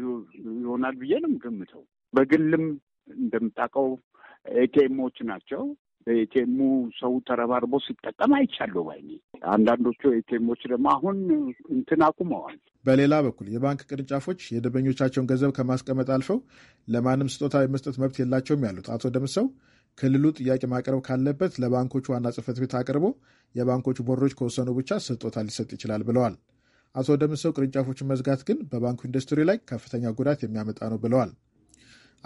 ይሆናል ብዬ ነው የምገምተው። በግልም እንደምታውቀው ኤቲኤሞች ናቸው። በኤቲኤሙ ሰው ተረባርቦ ሲጠቀም አይቻለሁ ባይኔ። አንዳንዶቹ ኤቲኤሞች ደግሞ አሁን እንትን አቁመዋል። በሌላ በኩል የባንክ ቅርንጫፎች የደንበኞቻቸውን ገንዘብ ከማስቀመጥ አልፈው ለማንም ስጦታ የመስጠት መብት የላቸውም ያሉት አቶ ደምሰው ክልሉ ጥያቄ ማቅረብ ካለበት ለባንኮቹ ዋና ጽህፈት ቤት አቅርቦ የባንኮቹ ቦርዶች ከወሰኑ ብቻ ስጦታ ሊሰጥ ይችላል ብለዋል። አቶ ደምሰው ቅርንጫፎችን መዝጋት ግን በባንኩ ኢንዱስትሪ ላይ ከፍተኛ ጉዳት የሚያመጣ ነው ብለዋል።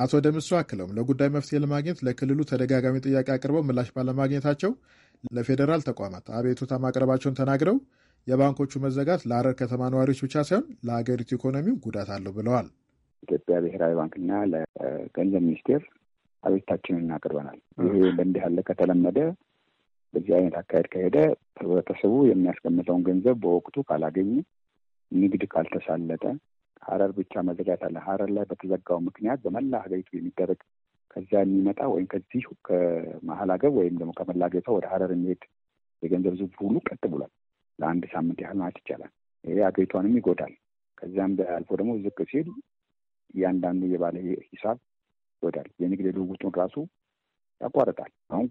አቶ ደምሶ አክለውም ለጉዳይ መፍትሄ ለማግኘት ለክልሉ ተደጋጋሚ ጥያቄ አቅርበው ምላሽ ባለማግኘታቸው ለፌዴራል ተቋማት አቤቱታ ማቅረባቸውን ተናግረው የባንኮቹ መዘጋት ለአረር ከተማ ነዋሪዎች ብቻ ሳይሆን ለሀገሪቱ ኢኮኖሚው ጉዳት አለው ብለዋል። ኢትዮጵያ ብሔራዊ ባንክና ለገንዘብ ሚኒስቴር አቤታችንን እናቅርበናል። ይሄ በእንዲህ ያለ ከተለመደ በዚህ አይነት አካሄድ ከሄደ ህብረተሰቡ የሚያስቀምጠውን ገንዘብ በወቅቱ ካላገኘ፣ ንግድ ካልተሳለጠ ሀረር ብቻ መዘጋት አለ። ሀረር ላይ በተዘጋው ምክንያት በመላ ሀገሪቱ የሚደረግ ከዛ የሚመጣ ወይም ከዚህ ከመሀል ሀገር ወይም ደግሞ ከመላ ሀገሪቷ ወደ ሀረር የሚሄድ የገንዘብ ዝውውር ሁሉ ቀጥ ብሏል። ለአንድ ሳምንት ያህል ማለት ይቻላል። ይሄ ሀገሪቷንም ይጎዳል። ከዚያም አልፎ ደግሞ ዝቅ ሲል እያንዳንዱ የባለ ሂሳብ ይወዳል። የንግድ ልውውጡን ራሱ ያቋርጣል። አሁን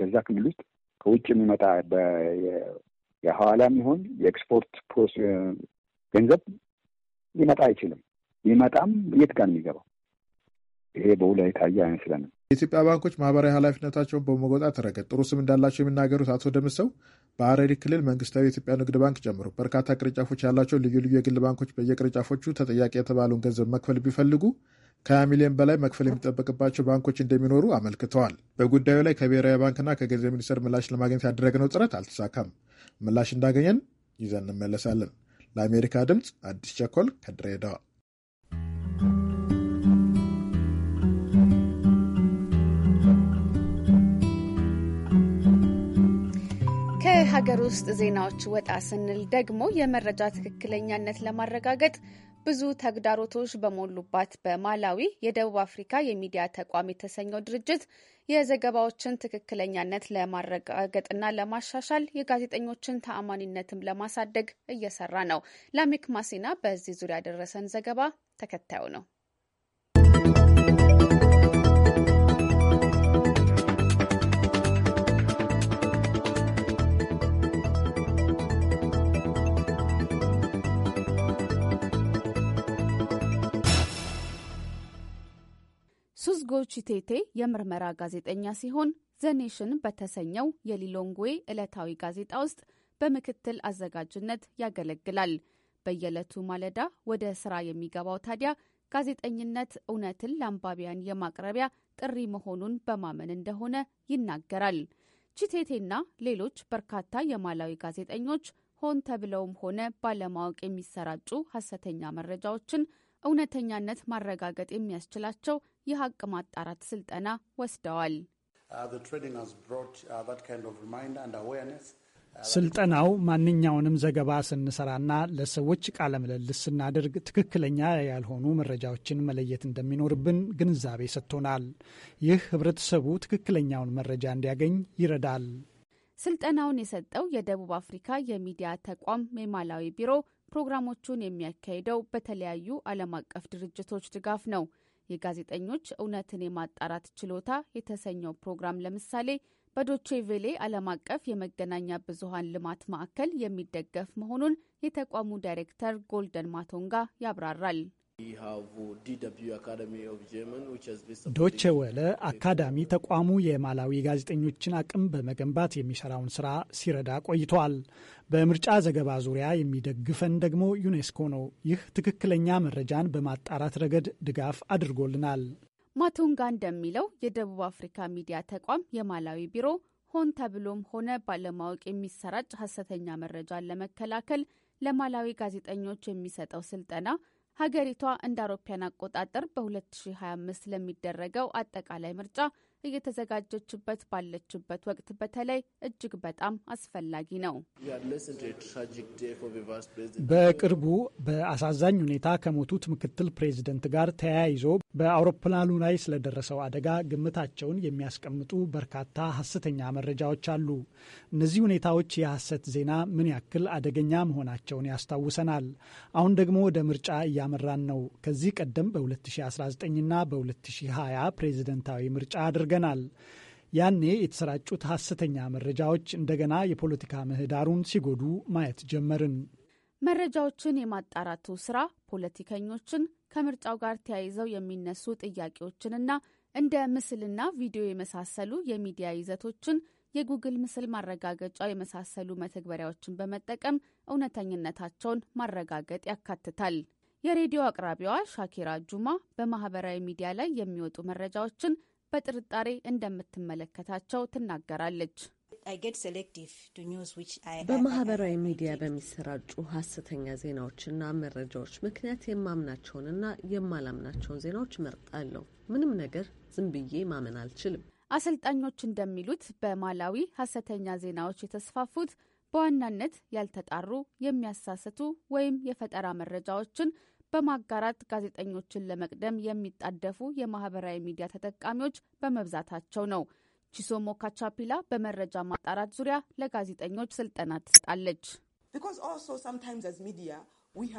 በዛ ክልል ውስጥ ከውጭ የሚመጣ የሐዋላም ይሆን የኤክስፖርት ገንዘብ ሊመጣ አይችልም። ሊመጣም የት ጋር የሚገባው ይሄ በውላ የታየ አይመስለንም። የኢትዮጵያ ባንኮች ማህበራዊ ኃላፊነታቸውን በመወጣት ረገድ ጥሩ ስም እንዳላቸው የሚናገሩት አቶ ደምሰው በሐረሪ ክልል መንግስታዊ የኢትዮጵያ ንግድ ባንክ ጨምሮ በርካታ ቅርንጫፎች ያላቸው ልዩ ልዩ የግል ባንኮች በየቅርንጫፎቹ ተጠያቂ የተባለውን ገንዘብ መክፈል ቢፈልጉ ከ20 ሚሊዮን በላይ መክፈል የሚጠበቅባቸው ባንኮች እንደሚኖሩ አመልክተዋል። በጉዳዩ ላይ ከብሔራዊ ባንክና ከገንዘብ ሚኒስቴር ምላሽ ለማግኘት ያደረግነው ጥረት አልተሳካም። ምላሽ እንዳገኘን ይዘን እንመለሳለን። ለአሜሪካ ድምፅ አዲስ ቸኮል ከድሬዳዋ። ከሀገር ውስጥ ዜናዎች ወጣ ስንል ደግሞ የመረጃ ትክክለኛነት ለማረጋገጥ ብዙ ተግዳሮቶች በሞሉባት በማላዊ የደቡብ አፍሪካ የሚዲያ ተቋም የተሰኘው ድርጅት የዘገባዎችን ትክክለኛነት ለማረጋገጥና ለማሻሻል የጋዜጠኞችን ተአማኒነትም ለማሳደግ እየሰራ ነው። ላሚክ ማሲና በዚህ ዙሪያ ያደረሰን ዘገባ ተከታዩ ነው። ቴቴ የምርመራ ጋዜጠኛ ሲሆን ዘኔሽን በተሰኘው የሊሎንግዌ ዕለታዊ ጋዜጣ ውስጥ በምክትል አዘጋጅነት ያገለግላል። በየዕለቱ ማለዳ ወደ ስራ የሚገባው ታዲያ ጋዜጠኝነት እውነትን ለአንባቢያን የማቅረቢያ ጥሪ መሆኑን በማመን እንደሆነ ይናገራል። ቺቴቴና ሌሎች በርካታ የማላዊ ጋዜጠኞች ሆን ተብለውም ሆነ ባለማወቅ የሚሰራጩ ሀሰተኛ መረጃዎችን እውነተኛነት ማረጋገጥ የሚያስችላቸው የሀቅ ማጣራት ስልጠና ወስደዋል። uh, uh, uh, ስልጠናው ማንኛውንም ዘገባ ስንሰራና ለሰዎች ቃለ ምልልስ ስናደርግ ትክክለኛ ያልሆኑ መረጃዎችን መለየት እንደሚኖርብን ግንዛቤ ሰጥቶናል። ይህ ህብረተሰቡ ትክክለኛውን መረጃ እንዲያገኝ ይረዳል። ስልጠናውን የሰጠው የደቡብ አፍሪካ የሚዲያ ተቋም ሜማላዊ ቢሮ ፕሮግራሞቹን የሚያካሂደው በተለያዩ ዓለም አቀፍ ድርጅቶች ድጋፍ ነው። የጋዜጠኞች እውነትን የማጣራት ችሎታ የተሰኘው ፕሮግራም ለምሳሌ በዶቼ ቬሌ ዓለም አቀፍ የመገናኛ ብዙሃን ልማት ማዕከል የሚደገፍ መሆኑን የተቋሙ ዳይሬክተር ጎልደን ማቶንጋ ያብራራል። ዶቼ ወለ አካዳሚ ተቋሙ የማላዊ ጋዜጠኞችን አቅም በመገንባት የሚሰራውን ስራ ሲረዳ ቆይቷል። በምርጫ ዘገባ ዙሪያ የሚደግፈን ደግሞ ዩኔስኮ ነው። ይህ ትክክለኛ መረጃን በማጣራት ረገድ ድጋፍ አድርጎልናል። ማቱንጋ እንደሚለው የደቡብ አፍሪካ ሚዲያ ተቋም የማላዊ ቢሮ ሆን ተብሎም ሆነ ባለማወቅ የሚሰራጭ ሀሰተኛ መረጃን ለመከላከል ለማላዊ ጋዜጠኞች የሚሰጠው ስልጠና ሀገሪቷ እንደ አውሮፓያን አቆጣጠር በ2025 ለሚደረገው አጠቃላይ ምርጫ እየተዘጋጀችበት ባለችበት ወቅት በተለይ እጅግ በጣም አስፈላጊ ነው። በቅርቡ በአሳዛኝ ሁኔታ ከሞቱት ምክትል ፕሬዚደንት ጋር ተያይዞ በአውሮፕላኑ ላይ ስለደረሰው አደጋ ግምታቸውን የሚያስቀምጡ በርካታ ሐሰተኛ መረጃዎች አሉ። እነዚህ ሁኔታዎች የሐሰት ዜና ምን ያክል አደገኛ መሆናቸውን ያስታውሰናል። አሁን ደግሞ ወደ ምርጫ እያመራን ነው። ከዚህ ቀደም በ2019ና በ2020 ፕሬዚደንታዊ ምርጫ አድርገ አድርገናል። ያኔ የተሰራጩት ሐሰተኛ መረጃዎች እንደገና የፖለቲካ ምህዳሩን ሲጎዱ ማየት ጀመርን። መረጃዎችን የማጣራቱ ስራ ፖለቲከኞችን ከምርጫው ጋር ተያይዘው የሚነሱ ጥያቄዎችንና እንደ ምስልና ቪዲዮ የመሳሰሉ የሚዲያ ይዘቶችን የጉግል ምስል ማረጋገጫ የመሳሰሉ መተግበሪያዎችን በመጠቀም እውነተኝነታቸውን ማረጋገጥ ያካትታል። የሬዲዮ አቅራቢዋ ሻኪራ ጁማ በማህበራዊ ሚዲያ ላይ የሚወጡ መረጃዎችን በጥርጣሬ እንደምትመለከታቸው ትናገራለች። በማህበራዊ ሚዲያ በሚሰራጩ ሀሰተኛ ዜናዎችና መረጃዎች ምክንያት የማምናቸውንና የማላምናቸውን ዜናዎች መርጣለሁ። ምንም ነገር ዝም ብዬ ማመን አልችልም። አሰልጣኞች እንደሚሉት በማላዊ ሀሰተኛ ዜናዎች የተስፋፉት በዋናነት ያልተጣሩ የሚያሳስቱ ወይም የፈጠራ መረጃዎችን በማጋራት ጋዜጠኞችን ለመቅደም የሚጣደፉ የማህበራዊ ሚዲያ ተጠቃሚዎች በመብዛታቸው ነው። ቺሶሞ ካቻፒላ በመረጃ ማጣራት ዙሪያ ለጋዜጠኞች ስልጠና ትሰጣለች።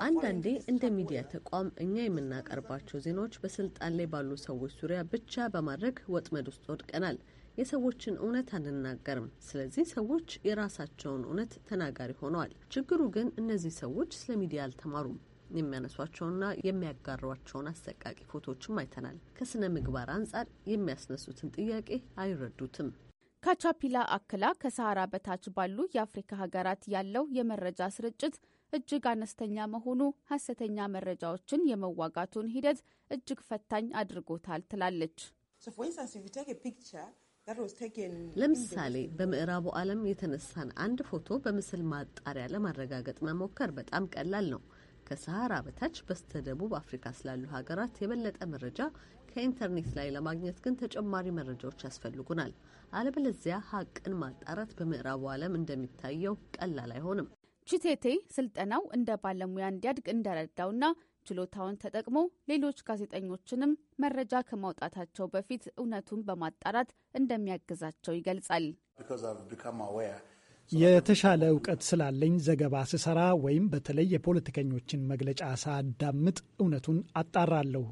አንዳንዴ እንደ ሚዲያ ተቋም እኛ የምናቀርባቸው ዜናዎች በስልጣን ላይ ባሉ ሰዎች ዙሪያ ብቻ በማድረግ ወጥመድ ውስጥ ወድቀናል። የሰዎችን እውነት አንናገርም። ስለዚህ ሰዎች የራሳቸውን እውነት ተናጋሪ ሆነዋል። ችግሩ ግን እነዚህ ሰዎች ስለ ሚዲያ አልተማሩም። የሚያነሷቸውና የሚያጋሯቸውን አሰቃቂ ፎቶዎችም አይተናል። ከስነ ምግባር አንጻር የሚያስነሱትን ጥያቄ አይረዱትም። ካቻፒላ አክላ ከሰሃራ በታች ባሉ የአፍሪካ ሀገራት ያለው የመረጃ ስርጭት እጅግ አነስተኛ መሆኑ ሀሰተኛ መረጃዎችን የመዋጋቱን ሂደት እጅግ ፈታኝ አድርጎታል ትላለች። ለምሳሌ በምዕራቡ ዓለም የተነሳን አንድ ፎቶ በምስል ማጣሪያ ለማረጋገጥ መሞከር በጣም ቀላል ነው። ከሰሃራ በታች በስተ ደቡብ አፍሪካ ስላሉ ሀገራት የበለጠ መረጃ ከኢንተርኔት ላይ ለማግኘት ግን ተጨማሪ መረጃዎች ያስፈልጉናል። አለበለዚያ ሀቅን ማጣራት በምዕራቡ ዓለም እንደሚታየው ቀላል አይሆንም። ቺቴቴ ስልጠናው እንደ ባለሙያ እንዲያድግ እንደረዳውና ችሎታውን ተጠቅሞ ሌሎች ጋዜጠኞችንም መረጃ ከማውጣታቸው በፊት እውነቱን በማጣራት እንደሚያግዛቸው ይገልጻል። የተሻለ እውቀት ስላለኝ ዘገባ ስሰራ ወይም በተለይ የፖለቲከኞችን መግለጫ ሳዳምጥ እውነቱን አጣራለሁ።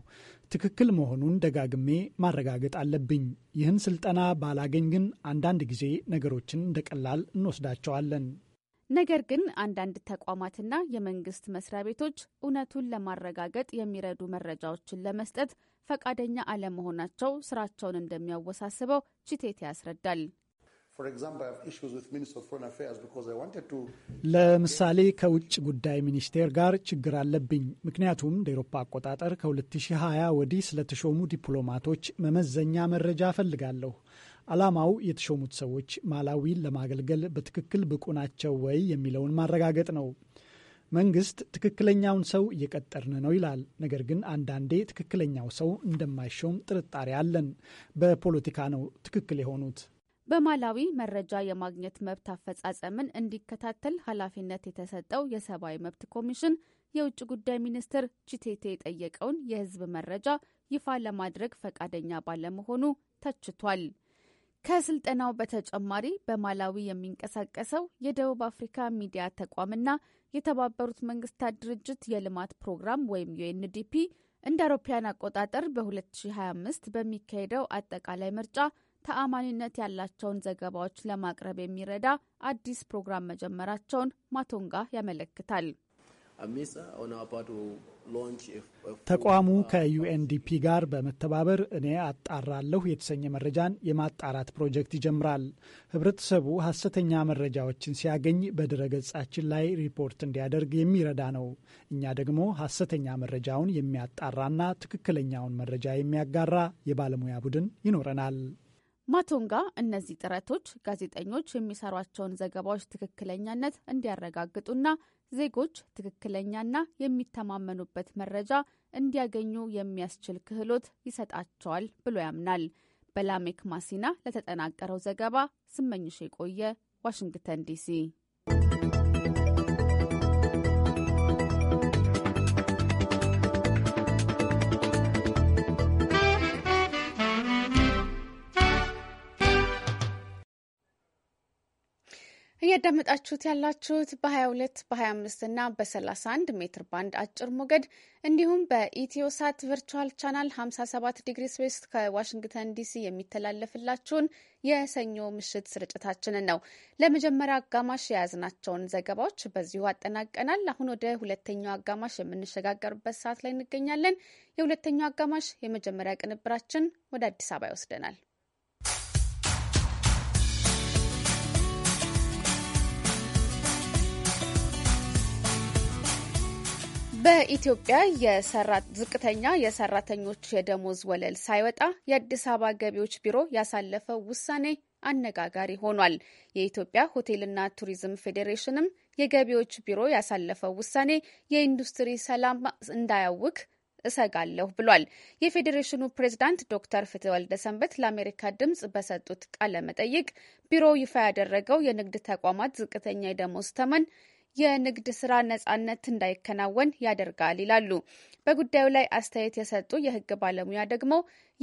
ትክክል መሆኑን ደጋግሜ ማረጋገጥ አለብኝ። ይህን ስልጠና ባላገኝ ግን አንዳንድ ጊዜ ነገሮችን እንደ ቀላል እንወስዳቸዋለን። ነገር ግን አንዳንድ ተቋማትና የመንግስት መስሪያ ቤቶች እውነቱን ለማረጋገጥ የሚረዱ መረጃዎችን ለመስጠት ፈቃደኛ አለመሆናቸው ስራቸውን እንደሚያወሳስበው ቺቴት ያስረዳል። ለምሳሌ ከውጭ ጉዳይ ሚኒስቴር ጋር ችግር አለብኝ። ምክንያቱም እንደ ኤሮፓ አቆጣጠር ከ2020 ወዲህ ስለተሾሙ ዲፕሎማቶች መመዘኛ መረጃ እፈልጋለሁ። ዓላማው የተሾሙት ሰዎች ማላዊን ለማገልገል በትክክል ብቁ ናቸው ወይ የሚለውን ማረጋገጥ ነው። መንግስት ትክክለኛውን ሰው እየቀጠርን ነው ይላል። ነገር ግን አንዳንዴ ትክክለኛው ሰው እንደማይሾም ጥርጣሬ አለን። በፖለቲካ ነው ትክክል የሆኑት። በማላዊ መረጃ የማግኘት መብት አፈጻጸምን እንዲከታተል ኃላፊነት የተሰጠው የሰብአዊ መብት ኮሚሽን የውጭ ጉዳይ ሚኒስትር ቺቴቴ የጠየቀውን የህዝብ መረጃ ይፋ ለማድረግ ፈቃደኛ ባለመሆኑ ተችቷል። ከስልጠናው በተጨማሪ በማላዊ የሚንቀሳቀሰው የደቡብ አፍሪካ ሚዲያ ተቋምና የተባበሩት መንግስታት ድርጅት የልማት ፕሮግራም ወይም ዩኤንዲፒ እንደ አውሮፓውያን አቆጣጠር በ2025 በሚካሄደው አጠቃላይ ምርጫ ተአማኒነት ያላቸውን ዘገባዎች ለማቅረብ የሚረዳ አዲስ ፕሮግራም መጀመራቸውን ማቶንጋ ያመለክታል። ተቋሙ ከዩኤንዲፒ ጋር በመተባበር እኔ አጣራለሁ የተሰኘ መረጃን የማጣራት ፕሮጀክት ይጀምራል። ህብረተሰቡ ሀሰተኛ መረጃዎችን ሲያገኝ በድረገጻችን ላይ ሪፖርት እንዲያደርግ የሚረዳ ነው። እኛ ደግሞ ሀሰተኛ መረጃውን የሚያጣራና ትክክለኛውን መረጃ የሚያጋራ የባለሙያ ቡድን ይኖረናል። ማቶንጋ እነዚህ ጥረቶች ጋዜጠኞች የሚሰሯቸውን ዘገባዎች ትክክለኛነት እንዲያረጋግጡና ዜጎች ትክክለኛና የሚተማመኑበት መረጃ እንዲያገኙ የሚያስችል ክህሎት ይሰጣቸዋል ብሎ ያምናል። በላሜክ ማሲና ለተጠናቀረው ዘገባ ስመኝሽ የቆየ ዋሽንግተን ዲሲ እያዳመጣችሁት ያላችሁት በ22 በ25 እና በ31 ሜትር ባንድ አጭር ሞገድ እንዲሁም በኢትዮሳት ቨርቹዋል ቻናል 57 ዲግሪ ስዌስት ከዋሽንግተን ዲሲ የሚተላለፍላችሁን የሰኞ ምሽት ስርጭታችንን ነው። ለመጀመሪያ አጋማሽ የያዝናቸውን ዘገባዎች በዚሁ አጠናቀናል። አሁን ወደ ሁለተኛው አጋማሽ የምንሸጋገርበት ሰዓት ላይ እንገኛለን። የሁለተኛው አጋማሽ የመጀመሪያ ቅንብራችን ወደ አዲስ አበባ ይወስደናል። በኢትዮጵያ ዝቅተኛ የሰራተኞች የደሞዝ ወለል ሳይወጣ የአዲስ አበባ ገቢዎች ቢሮ ያሳለፈው ውሳኔ አነጋጋሪ ሆኗል። የኢትዮጵያ ሆቴልና ቱሪዝም ፌዴሬሽንም የገቢዎች ቢሮ ያሳለፈው ውሳኔ የኢንዱስትሪ ሰላም እንዳያውክ እሰጋለሁ ብሏል። የፌዴሬሽኑ ፕሬዝዳንት ዶክተር ፍትህ ወልደሰንበት ለአሜሪካ ድምጽ በሰጡት ቃለ መጠይቅ ቢሮው ይፋ ያደረገው የንግድ ተቋማት ዝቅተኛ የደሞዝ ተመን የንግድ ስራ ነጻነት እንዳይከናወን ያደርጋል ይላሉ። በጉዳዩ ላይ አስተያየት የሰጡ የህግ ባለሙያ ደግሞ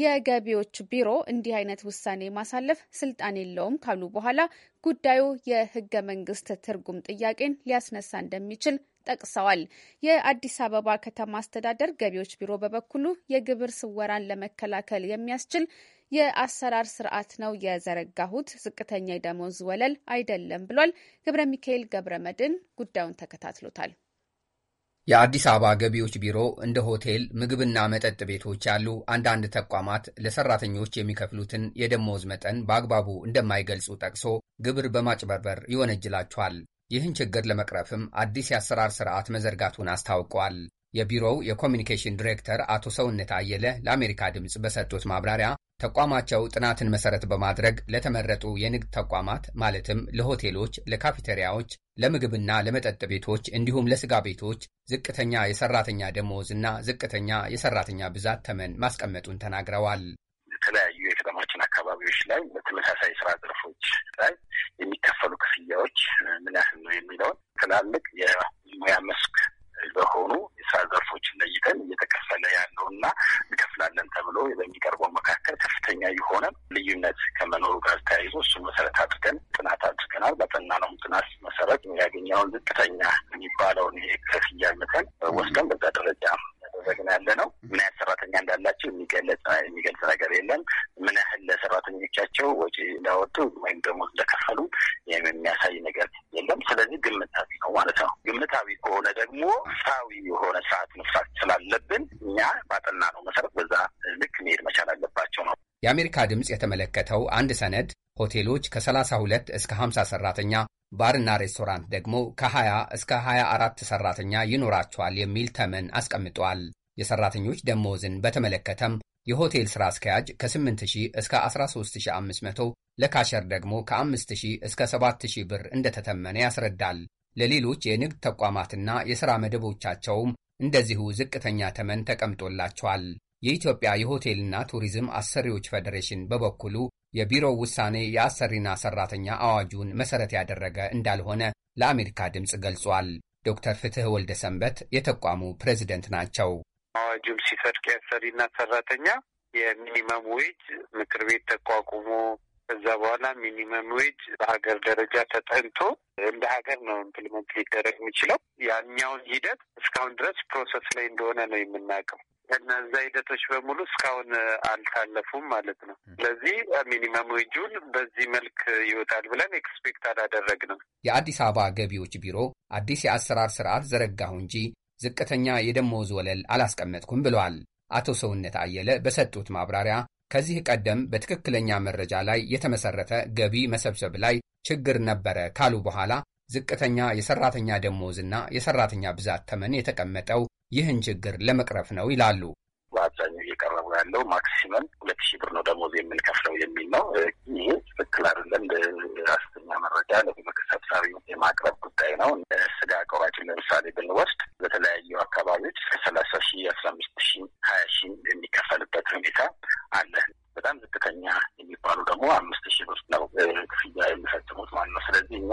የገቢዎች ቢሮ እንዲህ አይነት ውሳኔ ማሳለፍ ስልጣን የለውም ካሉ በኋላ ጉዳዩ የህገ መንግስት ትርጉም ጥያቄን ሊያስነሳ እንደሚችል ጠቅሰዋል። የአዲስ አበባ ከተማ አስተዳደር ገቢዎች ቢሮ በበኩሉ የግብር ስወራን ለመከላከል የሚያስችል የአሰራር ስርዓት ነው የዘረጋሁት። ዝቅተኛ የደሞዝ ወለል አይደለም ብሏል። ገብረ ሚካኤል ገብረ መድን ጉዳዩን ተከታትሎታል። የአዲስ አበባ ገቢዎች ቢሮ እንደ ሆቴል፣ ምግብና መጠጥ ቤቶች ያሉ አንዳንድ ተቋማት ለሰራተኞች የሚከፍሉትን የደሞዝ መጠን በአግባቡ እንደማይገልጹ ጠቅሶ ግብር በማጭበርበር ይወነጅላቸዋል። ይህን ችግር ለመቅረፍም አዲስ የአሰራር ስርዓት መዘርጋቱን አስታውቋል። የቢሮው የኮሚኒኬሽን ዲሬክተር አቶ ሰውነት አየለ ለአሜሪካ ድምፅ በሰጡት ማብራሪያ ተቋማቸው ጥናትን መሰረት በማድረግ ለተመረጡ የንግድ ተቋማት ማለትም ለሆቴሎች፣ ለካፌቴሪያዎች፣ ለምግብና ለመጠጥ ቤቶች እንዲሁም ለስጋ ቤቶች ዝቅተኛ የሰራተኛ ደሞዝ እና ዝቅተኛ የሰራተኛ ብዛት ተመን ማስቀመጡን ተናግረዋል። የተለያዩ የከተማችን አካባቢዎች ላይ በተመሳሳይ ስራ ዘርፎች ላይ የሚከፈሉ ክፍያዎች ምን ያህል ነው የሚለውን ትላልቅ የሙያ መስክ በሆኑ የስራ ዘርፎችን ለይተን እየተከፈለ ያለው እና እንከፍላለን ተብሎ በሚቀርበው መካከል ከፍተኛ የሆነ ልዩነት ከመኖሩ ጋር ተያይዞ እሱን መሰረት አድርገን ጥናት አድርገናል። በጠናነው ጥናት መሰረት ያገኘውን ዝቅተኛ የሚባለውን ክፍያ መጠን ወስደን በዛ ደረጃ እያደረግን ያለ ነው። ምን ያህል ሰራተኛ እንዳላቸው የሚገልጽ ነገር የለም። ምን ያህል ለሰራተኞቻቸው ወጪ እንዳወጡ ወይም ደግሞ እንደከፈሉ ይህም የሚያሳይ ነገር የለም። ስለዚህ ግምታዊ ነው ማለት ነው። ግምታዊ ከሆነ ደግሞ ሳዊ የሆነ ስርዓት መስራት ስላለብን እኛ ባጠና ነው መሰረት በዛ ልክ መሄድ መቻል አለባቸው ነው። የአሜሪካ ድምፅ የተመለከተው አንድ ሰነድ ሆቴሎች ከ32 እስከ 50 ሰራተኛ ባርና ሬስቶራንት ደግሞ ከ20 እስከ 24 ሰራተኛ ይኖራቸዋል የሚል ተመን አስቀምጧል። የሰራተኞች ደሞዝን በተመለከተም የሆቴል ሥራ አስኪያጅ ከ8000 እስከ 13500 ለካሸር ደግሞ ከ5000 እስከ 7000 ብር እንደተተመነ ያስረዳል። ለሌሎች የንግድ ተቋማትና የሥራ መደቦቻቸውም እንደዚሁ ዝቅተኛ ተመን ተቀምጦላቸዋል። የኢትዮጵያ የሆቴልና ቱሪዝም አሰሪዎች ፌዴሬሽን በበኩሉ የቢሮው ውሳኔ የአሰሪና ሰራተኛ አዋጁን መሰረት ያደረገ እንዳልሆነ ለአሜሪካ ድምፅ ገልጿል። ዶክተር ፍትህ ወልደ ሰንበት የተቋሙ ፕሬዚደንት ናቸው። አዋጁም ሲጸድቅ የአሰሪና ሰራተኛ የሚኒመም ዌጅ ምክር ቤት ተቋቁሞ ከዛ በኋላ ሚኒመም ዌጅ በሀገር ደረጃ ተጠንቶ እንደ ሀገር ነው ኢምፕሊመንት ሊደረግ የሚችለው። ያኛውን ሂደት እስካሁን ድረስ ፕሮሰስ ላይ እንደሆነ ነው የምናውቀው። እነዛ ሂደቶች በሙሉ እስካሁን አልታለፉም ማለት ነው። ስለዚህ ሚኒመም ዌጁን በዚህ መልክ ይወጣል ብለን ኤክስፔክት አላደረግንም። የአዲስ አበባ ገቢዎች ቢሮ አዲስ የአሰራር ስርዓት ዘረጋሁ እንጂ ዝቅተኛ የደሞዝ ወለል አላስቀመጥኩም ብለዋል። አቶ ሰውነት አየለ በሰጡት ማብራሪያ ከዚህ ቀደም በትክክለኛ መረጃ ላይ የተመሰረተ ገቢ መሰብሰብ ላይ ችግር ነበረ ካሉ በኋላ ዝቅተኛ የሰራተኛ ደሞዝና የሰራተኛ ብዛት ተመን የተቀመጠው ይህን ችግር ለመቅረፍ ነው ይላሉ። በአብዛኛው እየቀረቡ ያለው ማክሲመም ሁለት ሺህ ብር ነው ደሞዝ የምንከፍለው የሚል ነው። ይህ ትክክል አይደለም። ለአስተኛ መረጃ ለመክ ሰብሳቢ የማቅረብ ጉዳይ ነው። ስጋ ቆራጭን ለምሳሌ ብንወስድ በተለያዩ አካባቢዎች ከሰላሳ ሺህ አስራ አምስት ሺህ ሀያ ሺህ የሚከፈልበት ሁኔታ አለ። በጣም ዝቅተኛ የሚባሉ ደግሞ አምስት ሺህ ብር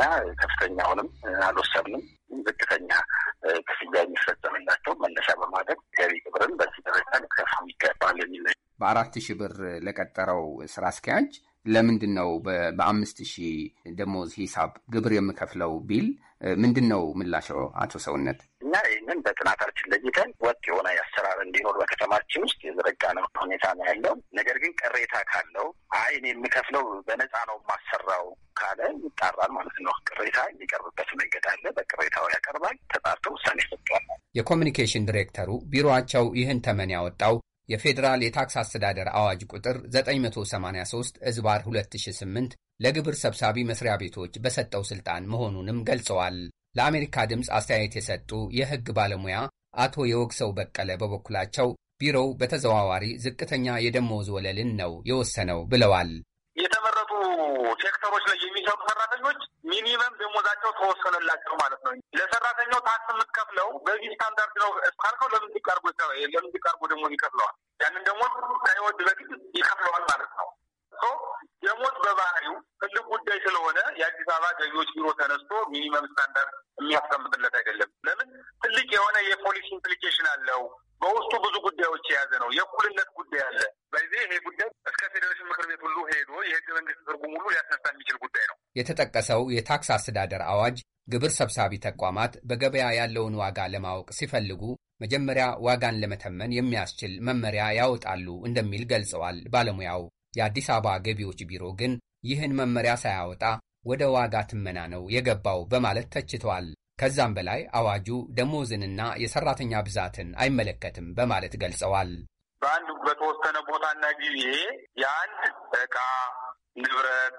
እኛ ከፍተኛውንም አልወሰንም። ዝቅተኛ ክፍያ የሚፈጸምላቸው መነሻ በማድረግ ገቢ ግብርን በዚህ ደረጃ ሊከፍሉ ይገባል የሚል በአራት ሺህ ብር ለቀጠረው ስራ አስኪያጅ ለምንድን ነው በአምስት ሺህ ደሞዝ ሂሳብ ግብር የምከፍለው ቢል ምንድን ነው ምላሸው? አቶ ሰውነት እና ይህንን በጥናታችን ለይተን ወጥ የሆነ አሰራር እንዲኖር በከተማችን ውስጥ ነው ሁኔታ ነው ያለው። ነገር ግን ቅሬታ ካለው አይ እኔ የምከፍለው በነፃ ነው የማሰራው ካለ ይጣራል ማለት ነው። ቅሬታ የሚቀርብበት መንገድ አለ። በቅሬታው ያቀርባል። ተጣርቶ ውሳኔ ይሰጠዋል። የኮሚኒኬሽን ዲሬክተሩ ቢሮቸው ይህን ተመን ያወጣው የፌዴራል የታክስ አስተዳደር አዋጅ ቁጥር 983 እዝባር 2008 ለግብር ሰብሳቢ መስሪያ ቤቶች በሰጠው ስልጣን መሆኑንም ገልጸዋል። ለአሜሪካ ድምፅ አስተያየት የሰጡ የሕግ ባለሙያ አቶ የወግሰው በቀለ በበኩላቸው ቢሮው በተዘዋዋሪ ዝቅተኛ የደሞዝ ወለልን ነው የወሰነው ብለዋል። ሴክተሮች ላይ የሚሰሩ ሰራተኞች ሚኒመም ደሞዛቸው ተወሰነላቸው ማለት ነው። ለሰራተኛው ታክስ የምትከፍለው በዚህ ስታንዳርድ ነው እስካልከው ለምን ሲቀርቡ ለምን ሲቀርቡ ደግሞ ይከፍለዋል። ያንን ደግሞ ሳይወድ በፊት ይከፍለዋል ማለት ነው። ደሞዝ በባህሪው ትልቅ ጉዳይ ስለሆነ የአዲስ አበባ ገቢዎች ቢሮ ተነስቶ ሚኒመም ስታንዳርድ የሚያስቀምጥለት አይደለም። ለምን ትልቅ የሆነ የፖሊሲ ኢምፕሊኬሽን አለው። በውስጡ ብዙ ጉዳዮች የያዘ ነው። የእኩልነት ጉዳይ አለ። በዚህ ይሄ ጉዳይ እስከ ፌዴሬሽን ምክር ቤት ሁሉ ሄዶ የህገ መንግስት ትርጉም ሁሉ ሊያስነሳ የሚችል ጉዳይ ነው። የተጠቀሰው የታክስ አስተዳደር አዋጅ ግብር ሰብሳቢ ተቋማት በገበያ ያለውን ዋጋ ለማወቅ ሲፈልጉ መጀመሪያ ዋጋን ለመተመን የሚያስችል መመሪያ ያወጣሉ እንደሚል ገልጸዋል ባለሙያው። የአዲስ አበባ ገቢዎች ቢሮ ግን ይህን መመሪያ ሳያወጣ ወደ ዋጋ ትመና ነው የገባው በማለት ተችተዋል። ከዛም በላይ አዋጁ ደሞዝንና የሰራተኛ ብዛትን አይመለከትም በማለት ገልጸዋል። በአንድ በተወሰነ ቦታና ጊዜ የአንድ እቃ፣ ንብረት፣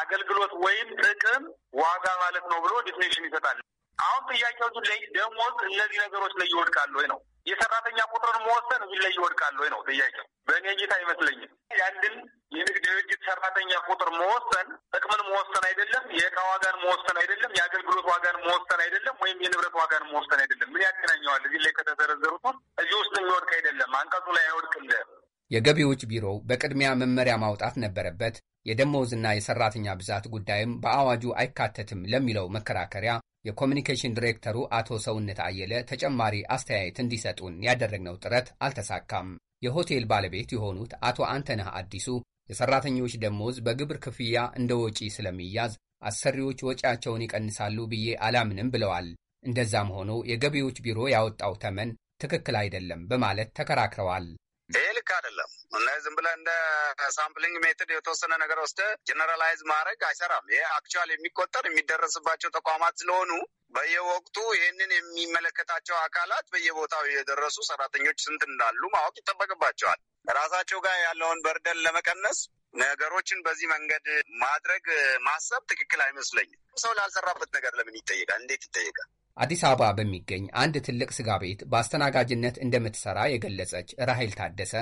አገልግሎት ወይም ጥቅም ዋጋ ማለት ነው ብሎ ዲፊኒሽን ይሰጣል። አሁን ጥያቄዎቹ ደሞዝ እነዚህ ነገሮች ላይ ይወድቃሉ ወይ ነው። የሰራተኛ ቁጥርን መወሰን እዚህ ላይ ይወድቃሉ ወይ ነው ጥያቄው። በእኔ እይታ አይመስለኝም። ያንድን የንግድ ድርጅት ሰራተኛ ቁጥር መወሰን ጥቅምን መወሰን አይደለም፣ የእቃ ዋጋን መወሰን አይደለም፣ የአገልግሎት ዋጋን መወሰን አይደለም፣ ወይም የንብረት ዋጋን መወሰን አይደለም። ምን ያገናኘዋል? እዚህ ላይ ከተዘረዘሩት ውስጥ እዚህ ውስጥ የሚወድቅ አይደለም፣ አንቀጹ ላይ አይወድቅልህም። የገቢዎች ቢሮው በቅድሚያ መመሪያ ማውጣት ነበረበት። የደሞዝና የሰራተኛ ብዛት ጉዳይም በአዋጁ አይካተትም ለሚለው መከራከሪያ የኮሚኒኬሽን ዲሬክተሩ አቶ ሰውነት አየለ ተጨማሪ አስተያየት እንዲሰጡን ያደረግነው ጥረት አልተሳካም። የሆቴል ባለቤት የሆኑት አቶ አንተነህ አዲሱ የሰራተኞች ደሞዝ በግብር ክፍያ እንደ ወጪ ስለሚያዝ አሰሪዎች ወጪያቸውን ይቀንሳሉ ብዬ አላምንም ብለዋል። እንደዛም ሆኖ የገቢዎች ቢሮ ያወጣው ተመን ትክክል አይደለም በማለት ተከራክረዋል። ይሄ ልክ አይደለም እና ዝም ብለህ እንደ ሳምፕሊንግ ሜትድ የተወሰነ ነገር ወስደ ጀነራላይዝ ማድረግ አይሰራም። ይሄ አክቹዋል የሚቆጠር የሚደረስባቸው ተቋማት ስለሆኑ በየወቅቱ ይህንን የሚመለከታቸው አካላት በየቦታው የደረሱ ሰራተኞች ስንት እንዳሉ ማወቅ ይጠበቅባቸዋል። ራሳቸው ጋር ያለውን በርደን ለመቀነስ ነገሮችን በዚህ መንገድ ማድረግ ማሰብ ትክክል አይመስለኝም። ሰው ላልሰራበት ነገር ለምን ይጠየቃል? እንዴት ይጠየቃል? አዲስ አበባ በሚገኝ አንድ ትልቅ ስጋ ቤት በአስተናጋጅነት እንደምትሰራ የገለጸች ራሄል ታደሰ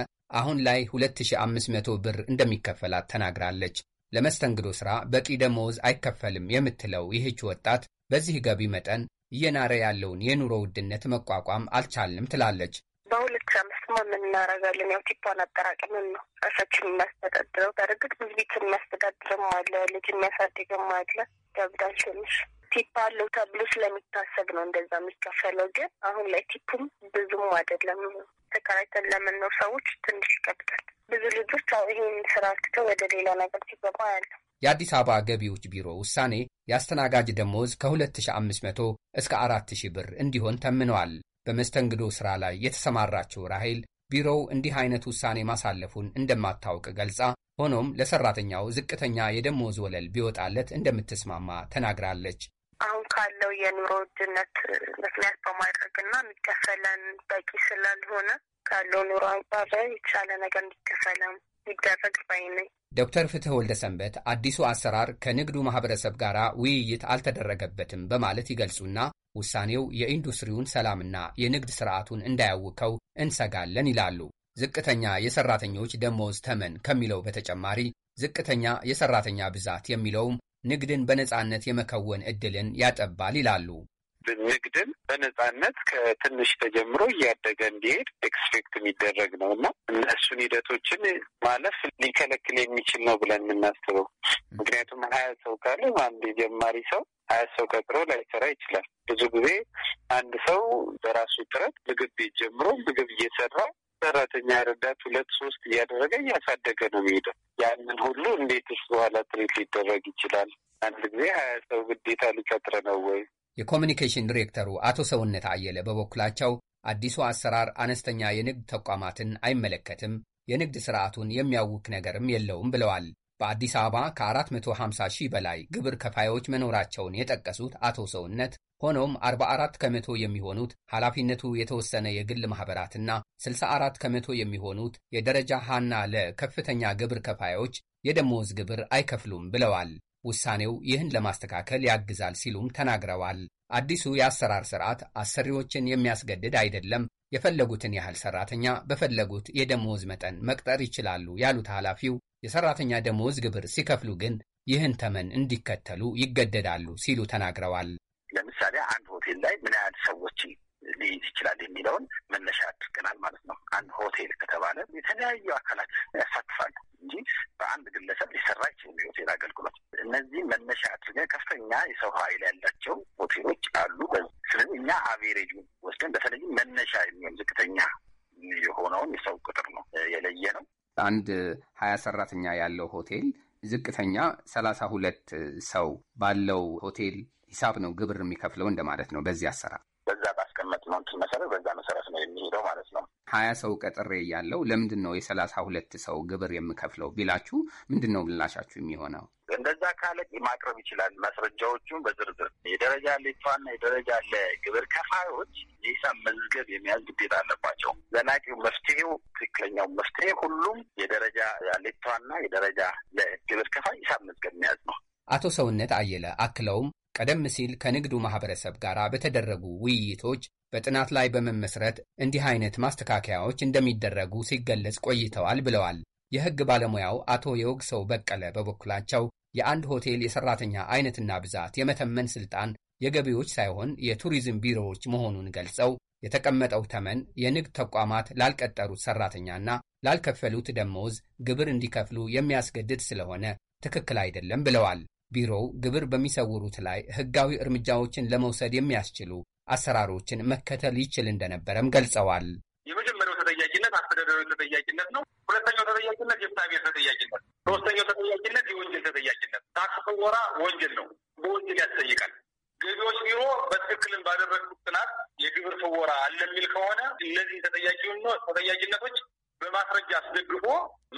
አሁን ላይ 2500 ብር እንደሚከፈላት ተናግራለች። ለመስተንግዶ ሥራ በቂ ደመወዝ አይከፈልም የምትለው ይህች ወጣት በዚህ ገቢ መጠን እየናረ ያለውን የኑሮ ውድነት መቋቋም አልቻልንም ትላለች። በሁለት ሺህ አምስት ማ የምናረጋለን ያው ቲፓን አጠራቅምን ነው እራሳችን የሚያስተዳድረው። በእርግጥ ብዙ ቤት የሚያስተዳድርም አለ፣ ልጅ የሚያሳድግም አለ። ገብዳል ትንሽ ቲፕ አለው ተብሎ ስለሚታሰብ ነው እንደዛ የሚከፈለው። ግን አሁን ላይ ቲፑም ብዙም አይደለም። ተከራይተን ለምንኖር ሰዎች ትንሽ ይቀብዳል። ብዙ ልጆች ይህን ስራ ትተው ወደ ሌላ ነገር ሲገባ ያለ የአዲስ አበባ ገቢዎች ቢሮ ውሳኔ የአስተናጋጅ ደሞዝ ከ2500 እስከ 4000 ብር እንዲሆን ተምነዋል። በመስተንግዶ ሥራ ላይ የተሰማራችው ራሄል ቢሮው እንዲህ አይነት ውሳኔ ማሳለፉን እንደማታውቅ ገልጻ፣ ሆኖም ለሠራተኛው ዝቅተኛ የደሞዝ ወለል ቢወጣለት እንደምትስማማ ተናግራለች። አሁን ካለው የኑሮ ውድነት ምክንያት በማድረግ እና የሚከፈለን በቂ ስላልሆነ ካለው ኑሮ አንጻር የተሻለ ነገር እንዲከፈለም ይደረግ ባይ ነኝ። ዶክተር ፍትህ ወልደ ሰንበት አዲሱ አሰራር ከንግዱ ማህበረሰብ ጋር ውይይት አልተደረገበትም በማለት ይገልጹና ውሳኔው የኢንዱስትሪውን ሰላምና የንግድ ስርዓቱን እንዳያውከው እንሰጋለን ይላሉ። ዝቅተኛ የሰራተኞች ደሞዝ ተመን ከሚለው በተጨማሪ ዝቅተኛ የሰራተኛ ብዛት የሚለውም ንግድን በነፃነት የመከወን እድልን ያጠባል ይላሉ። ንግድን በነፃነት ከትንሽ ተጀምሮ እያደገ እንዲሄድ ኤክስፔክት የሚደረግ ነው እና እነሱን ሂደቶችን ማለፍ ሊከለክል የሚችል ነው ብለን የምናስበው ምክንያቱም ሀያ ሰው ካለ አንድ ጀማሪ ሰው ሀያ ሰው ቀጥሮ ላይሰራ ይችላል። ብዙ ጊዜ አንድ ሰው በራሱ ጥረት ምግብ ቤት ጀምሮ ምግብ እየሰራ ሰራተኛ ረዳት ሁለት ሶስት እያደረገ እያሳደገ ነው የሚሄደው። ያንን ሁሉ እንዴትስ በኋላ ትሬት ሊደረግ ይችላል? አንድ ጊዜ ሀያ ሰው ግዴታ ሊቀጥረ ነው ወይ? የኮሚኒኬሽን ዲሬክተሩ አቶ ሰውነት አየለ በበኩላቸው አዲሱ አሰራር አነስተኛ የንግድ ተቋማትን አይመለከትም፣ የንግድ ስርዓቱን የሚያውክ ነገርም የለውም ብለዋል። በአዲስ አበባ ከ450 ሺህ በላይ ግብር ከፋዮች መኖራቸውን የጠቀሱት አቶ ሰውነት ሆኖም 44 ከመቶ የሚሆኑት ኃላፊነቱ የተወሰነ የግል ማኅበራትና 64 ከመቶ የሚሆኑት የደረጃ ሃና ለከፍተኛ ግብር ከፋዮች የደሞዝ ግብር አይከፍሉም ብለዋል። ውሳኔው ይህን ለማስተካከል ያግዛል ሲሉም ተናግረዋል። አዲሱ የአሰራር ሥርዓት አሰሪዎችን የሚያስገድድ አይደለም፣ የፈለጉትን ያህል ሠራተኛ በፈለጉት የደሞዝ መጠን መቅጠር ይችላሉ ያሉት ኃላፊው የሠራተኛ ደሞዝ ግብር ሲከፍሉ ግን ይህን ተመን እንዲከተሉ ይገደዳሉ ሲሉ ተናግረዋል። ለምሳሌ አንድ ሆቴል ላይ ምን ያህል ሰዎችን ሊይዝ ይችላል የሚለውን መነሻ አድርገናል ማለት ነው። አንድ ሆቴል ከተባለ የተለያዩ አካላት ያሳትፋሉ እንጂ በአንድ ግለሰብ ሊሰራ አይችልም የሆቴል አገልግሎት። እነዚህ መነሻ አድርገን ከፍተኛ የሰው ኃይል ያላቸው ሆቴሎች አሉ። ስለዚህ እኛ አቬሬጅ ወስደን በተለይም መነሻ የሚሆን ዝቅተኛ የሆነውን የሰው ቁጥር ነው የለየ ነው። አንድ ሀያ ሰራተኛ ያለው ሆቴል ዝቅተኛ ሰላሳ ሁለት ሰው ባለው ሆቴል ሂሳብ ነው ግብር የሚከፍለው እንደማለት ነው። በዚህ አሰራር በዛ ባስቀመጥ ነው እንትን መሰረት በዛ መሰረት ነው የሚሄደው ማለት ነው። ሀያ ሰው ቀጥሬ ያለው ለምንድን ነው የሰላሳ ሁለት ሰው ግብር የምከፍለው ቢላችሁ ምንድን ነው ምላሻችሁ የሚሆነው? እንደዛ ካለ ማቅረብ ይችላል ማስረጃዎቹን በዝርዝር የደረጃ ሌቷና የደረጃ ለግብር ከፋዮች የሂሳብ መዝገብ የመያዝ ግዴታ አለባቸው። ዘላቂው መፍትሄው ትክክለኛው መፍትሄ ሁሉም የደረጃ ሌቷና የደረጃ ለግብር ከፋይ ሂሳብ መዝገብ መያዝ ነው። አቶ ሰውነት አየለ አክለውም ቀደም ሲል ከንግዱ ማህበረሰብ ጋር በተደረጉ ውይይቶች በጥናት ላይ በመመስረት እንዲህ አይነት ማስተካከያዎች እንደሚደረጉ ሲገለጽ ቆይተዋል ብለዋል። የህግ ባለሙያው አቶ የወግሰው በቀለ በበኩላቸው የአንድ ሆቴል የሰራተኛ አይነትና ብዛት የመተመን ስልጣን የገቢዎች ሳይሆን የቱሪዝም ቢሮዎች መሆኑን ገልጸው የተቀመጠው ተመን የንግድ ተቋማት ላልቀጠሩት ሰራተኛና ላልከፈሉት ደመወዝ ግብር እንዲከፍሉ የሚያስገድድ ስለሆነ ትክክል አይደለም ብለዋል። ቢሮው ግብር በሚሰውሩት ላይ ሕጋዊ እርምጃዎችን ለመውሰድ የሚያስችሉ አሰራሮችን መከተል ይችል እንደነበረም ገልጸዋል። የመጀመሪያው ተጠያቂነት አስተዳደራዊ ተጠያቂነት ነው። ሁለተኛው ተጠያቂነት የፍትሐ ተጠያቂነት፣ ሶስተኛው ተጠያቂነት የወንጀል ተጠያቂነት። ታክስ ወራ ወንጀል ነው፣ በወንጀል ያስጠይቃል። ገቢዎች ቢሮ በትክክልን ባደረግኩት ጥናት የግብር ፍወራ አለ የሚል ከሆነ እነዚህ ተጠያቂነቶች በማስረጃ አስደግፎ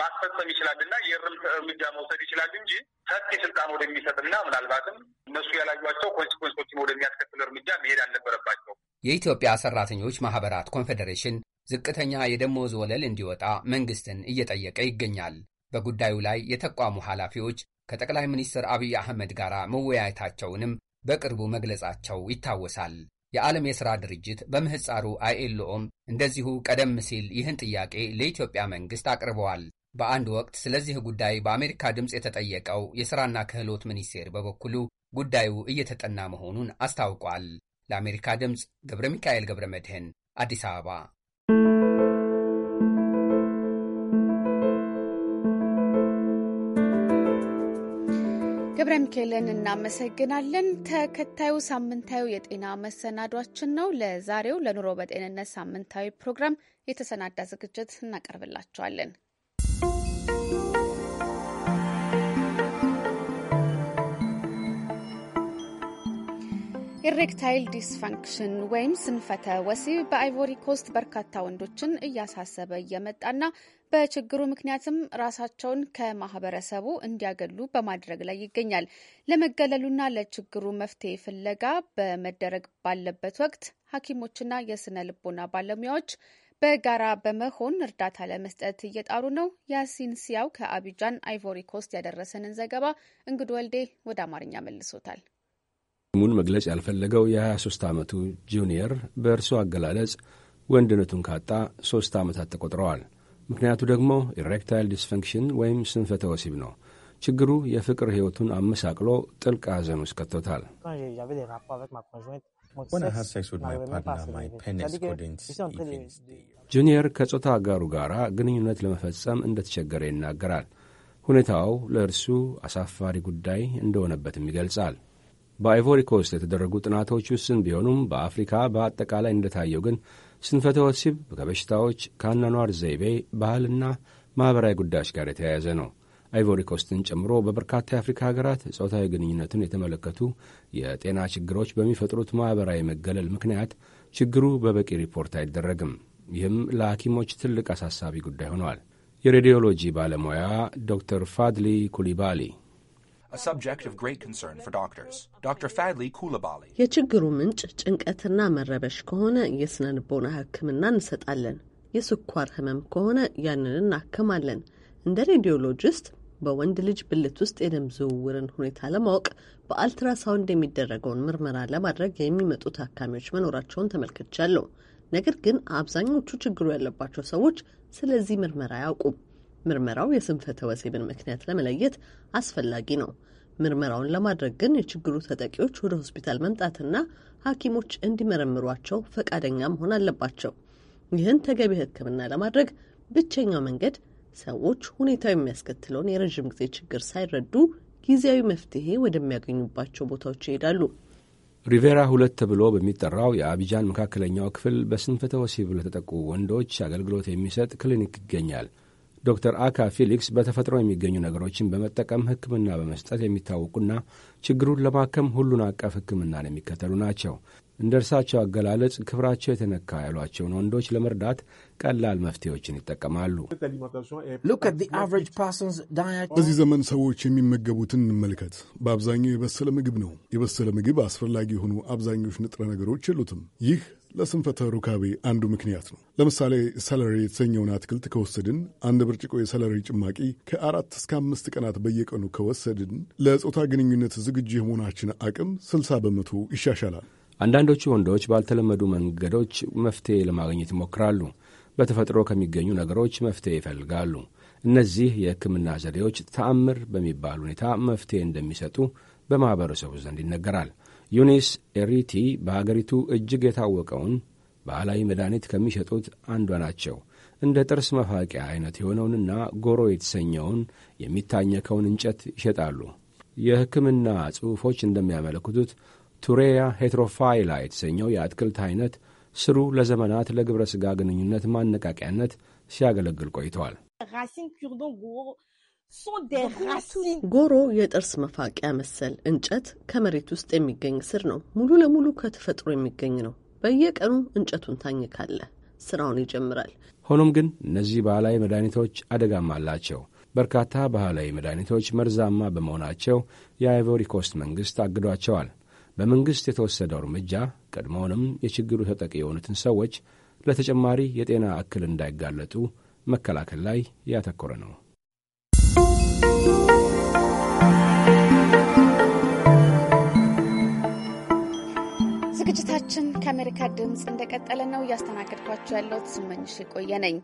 ማስፈጸም ይችላልና የእርምት እርምጃ መውሰድ ይችላል እንጂ ሰፊ ስልጣን ወደሚሰጥና ምናልባትም እነሱ ያላዩቸው ኮንስኮንሶችን ወደሚያስከትል እርምጃ መሄድ አልነበረባቸው። የኢትዮጵያ ሰራተኞች ማህበራት ኮንፌዴሬሽን ዝቅተኛ የደሞዝ ወለል እንዲወጣ መንግስትን እየጠየቀ ይገኛል። በጉዳዩ ላይ የተቋሙ ኃላፊዎች ከጠቅላይ ሚኒስትር አብይ አህመድ ጋር መወያየታቸውንም በቅርቡ መግለጻቸው ይታወሳል። የዓለም የሥራ ድርጅት በምህፃሩ አይኤልኦም እንደዚሁ ቀደም ሲል ይህን ጥያቄ ለኢትዮጵያ መንግሥት አቅርበዋል። በአንድ ወቅት ስለዚህ ጉዳይ በአሜሪካ ድምፅ የተጠየቀው የሥራና ክህሎት ሚኒስቴር በበኩሉ ጉዳዩ እየተጠና መሆኑን አስታውቋል። ለአሜሪካ ድምፅ ገብረ ሚካኤል ገብረ መድህን አዲስ አበባ ኬልን እናመሰግናለን። ተከታዩ ሳምንታዊ የጤና መሰናዷችን ነው። ለዛሬው ለኑሮ በጤንነት ሳምንታዊ ፕሮግራም የተሰናዳ ዝግጅት እናቀርብላቸዋለን። ኢሬክታይል ዲስፋንክሽን ወይም ስንፈተ ወሲብ በአይቮሪ ኮስት በርካታ ወንዶችን እያሳሰበ እየመጣና በችግሩ ምክንያትም ራሳቸውን ከማህበረሰቡ እንዲያገሉ በማድረግ ላይ ይገኛል። ለመገለሉና ለችግሩ መፍትሄ ፍለጋ በመደረግ ባለበት ወቅት ሐኪሞችና የስነ ልቦና ባለሙያዎች በጋራ በመሆን እርዳታ ለመስጠት እየጣሩ ነው። ያሲን ሲያው ከአቢጃን አይቮሪ ኮስት ያደረሰንን ዘገባ እንግድ ወልዴ ወደ አማርኛ መልሶታል። ሙን መግለጽ ያልፈለገው የ23 ዓመቱ ጁኒየር በእርሱ አገላለጽ ወንድነቱን ካጣ ሶስት ዓመታት ተቆጥረዋል። ምክንያቱ ደግሞ ኢሬክታይል ዲስፈንክሽን ወይም ስንፈተ ወሲብ ነው። ችግሩ የፍቅር ሕይወቱን አመሳቅሎ ጥልቅ ሐዘን ውስጥ ከቶታል። ጁኒየር ከጾታ አጋሩ ጋር ግንኙነት ለመፈጸም እንደተቸገረ ይናገራል። ሁኔታው ለእርሱ አሳፋሪ ጉዳይ እንደሆነበትም ይገልጻል። በአይቮሪ ኮስት የተደረጉ ጥናቶች ውስን ቢሆኑም በአፍሪካ በአጠቃላይ እንደታየው ግን ስንፈተ ወሲብ ከበሽታዎች ከአኗኗር ዘይቤ ባህልና ማኅበራዊ ጉዳዮች ጋር የተያያዘ ነው። አይቮሪኮስትን ጨምሮ በበርካታ የአፍሪካ ሀገራት ጾታዊ ግንኙነትን የተመለከቱ የጤና ችግሮች በሚፈጥሩት ማኅበራዊ መገለል ምክንያት ችግሩ በበቂ ሪፖርት አይደረግም። ይህም ለሐኪሞች ትልቅ አሳሳቢ ጉዳይ ሆኗል የሬዲዮሎጂ ባለሙያ ዶክተር ፋድሊ ኩሊባሊ የችግሩ ምንጭ ጭንቀትና መረበሽ ከሆነ የስነ ልቦና ሕክምና እንሰጣለን። የስኳር ህመም ከሆነ ያንን እናክማለን። እንደ ሬዲዮሎጂስት በወንድ ልጅ ብልት ውስጥ የደም ዝውውርን ሁኔታ ለማወቅ በአልትራሳውንድ የሚደረገውን ምርመራ ለማድረግ የሚመጡ ታካሚዎች መኖራቸውን ተመልክቻለሁ። ነገር ግን አብዛኞቹ ችግሩ ያለባቸው ሰዎች ስለዚህ ምርመራ አያውቁም። ምርመራው የስንፈተ ወሲብን ምክንያት ለመለየት አስፈላጊ ነው። ምርመራውን ለማድረግ ግን የችግሩ ተጠቂዎች ወደ ሆስፒታል መምጣትና ሐኪሞች እንዲመረምሯቸው ፈቃደኛ መሆን አለባቸው። ይህን ተገቢ ሕክምና ለማድረግ ብቸኛው መንገድ ሰዎች ሁኔታው የሚያስከትለውን የረዥም ጊዜ ችግር ሳይረዱ ጊዜያዊ መፍትሄ ወደሚያገኙባቸው ቦታዎች ይሄዳሉ። ሪቬራ ሁለት ተብሎ በሚጠራው የአቢጃን መካከለኛው ክፍል በስንፈተ ወሲብ ለተጠቁ ወንዶች አገልግሎት የሚሰጥ ክሊኒክ ይገኛል። ዶክተር አካ ፊሊክስ በተፈጥሮ የሚገኙ ነገሮችን በመጠቀም ሕክምና በመስጠት የሚታወቁና ችግሩን ለማከም ሁሉን አቀፍ ሕክምናን የሚከተሉ ናቸው። እንደ እርሳቸው አገላለጽ ክብራቸው የተነካ ያሏቸውን ወንዶች ለመርዳት ቀላል መፍትሄዎችን ይጠቀማሉ። በዚህ ዘመን ሰዎች የሚመገቡትን እንመልከት። በአብዛኛው የበሰለ ምግብ ነው። የበሰለ ምግብ አስፈላጊ የሆኑ አብዛኞች ንጥረ ነገሮች የሉትም። ይህ ለስንፈተ ሩካቤ አንዱ ምክንያት ነው። ለምሳሌ ሰለሪ የተሰኘውን አትክልት ከወሰድን አንድ ብርጭቆ የሰለሪ ጭማቂ ከአራት እስከ አምስት ቀናት በየቀኑ ከወሰድን ለጾታ ግንኙነት ዝግጁ የመሆናችን አቅም ስልሳ በመቶ ይሻሻላል። አንዳንዶቹ ወንዶች ባልተለመዱ መንገዶች መፍትሄ ለማግኘት ይሞክራሉ። በተፈጥሮ ከሚገኙ ነገሮች መፍትሄ ይፈልጋሉ። እነዚህ የሕክምና ዘዴዎች ተአምር በሚባል ሁኔታ መፍትሄ እንደሚሰጡ በማኅበረሰቡ ዘንድ ይነገራል። ዩኒስ ኤሪቲ በአገሪቱ እጅግ የታወቀውን ባህላዊ መድኃኒት ከሚሸጡት አንዷ ናቸው። እንደ ጥርስ መፋቂያ አይነት የሆነውንና ጎሮ የተሰኘውን የሚታኘከውን እንጨት ይሸጣሉ። የሕክምና ጽሑፎች እንደሚያመለክቱት ቱሬያ ሄትሮፋይላ የተሰኘው የአትክልት አይነት ስሩ ለዘመናት ለግብረ ሥጋ ግንኙነት ማነቃቂያነት ሲያገለግል ቆይተዋል። ጎሮ የጥርስ መፋቂያ መሰል እንጨት ከመሬት ውስጥ የሚገኝ ስር ነው። ሙሉ ለሙሉ ከተፈጥሮ የሚገኝ ነው። በየቀኑ እንጨቱን ታኝካለ፣ ስራውን ይጀምራል። ሆኖም ግን እነዚህ ባህላዊ መድኃኒቶች አደጋም አላቸው። በርካታ ባህላዊ መድኃኒቶች መርዛማ በመሆናቸው የአይቮሪ ኮስት መንግሥት አግዷቸዋል። በመንግሥት የተወሰደው እርምጃ ቀድሞውንም የችግሩ ተጠቂ የሆኑትን ሰዎች ለተጨማሪ የጤና እክል እንዳይጋለጡ መከላከል ላይ ያተኮረ ነው። ዝግጅታችን ከአሜሪካ ድምፅ እንደቀጠለ ነው። እያስተናገድኳቸው ያለሁት ስመኝሽ የቆየ ነኝ።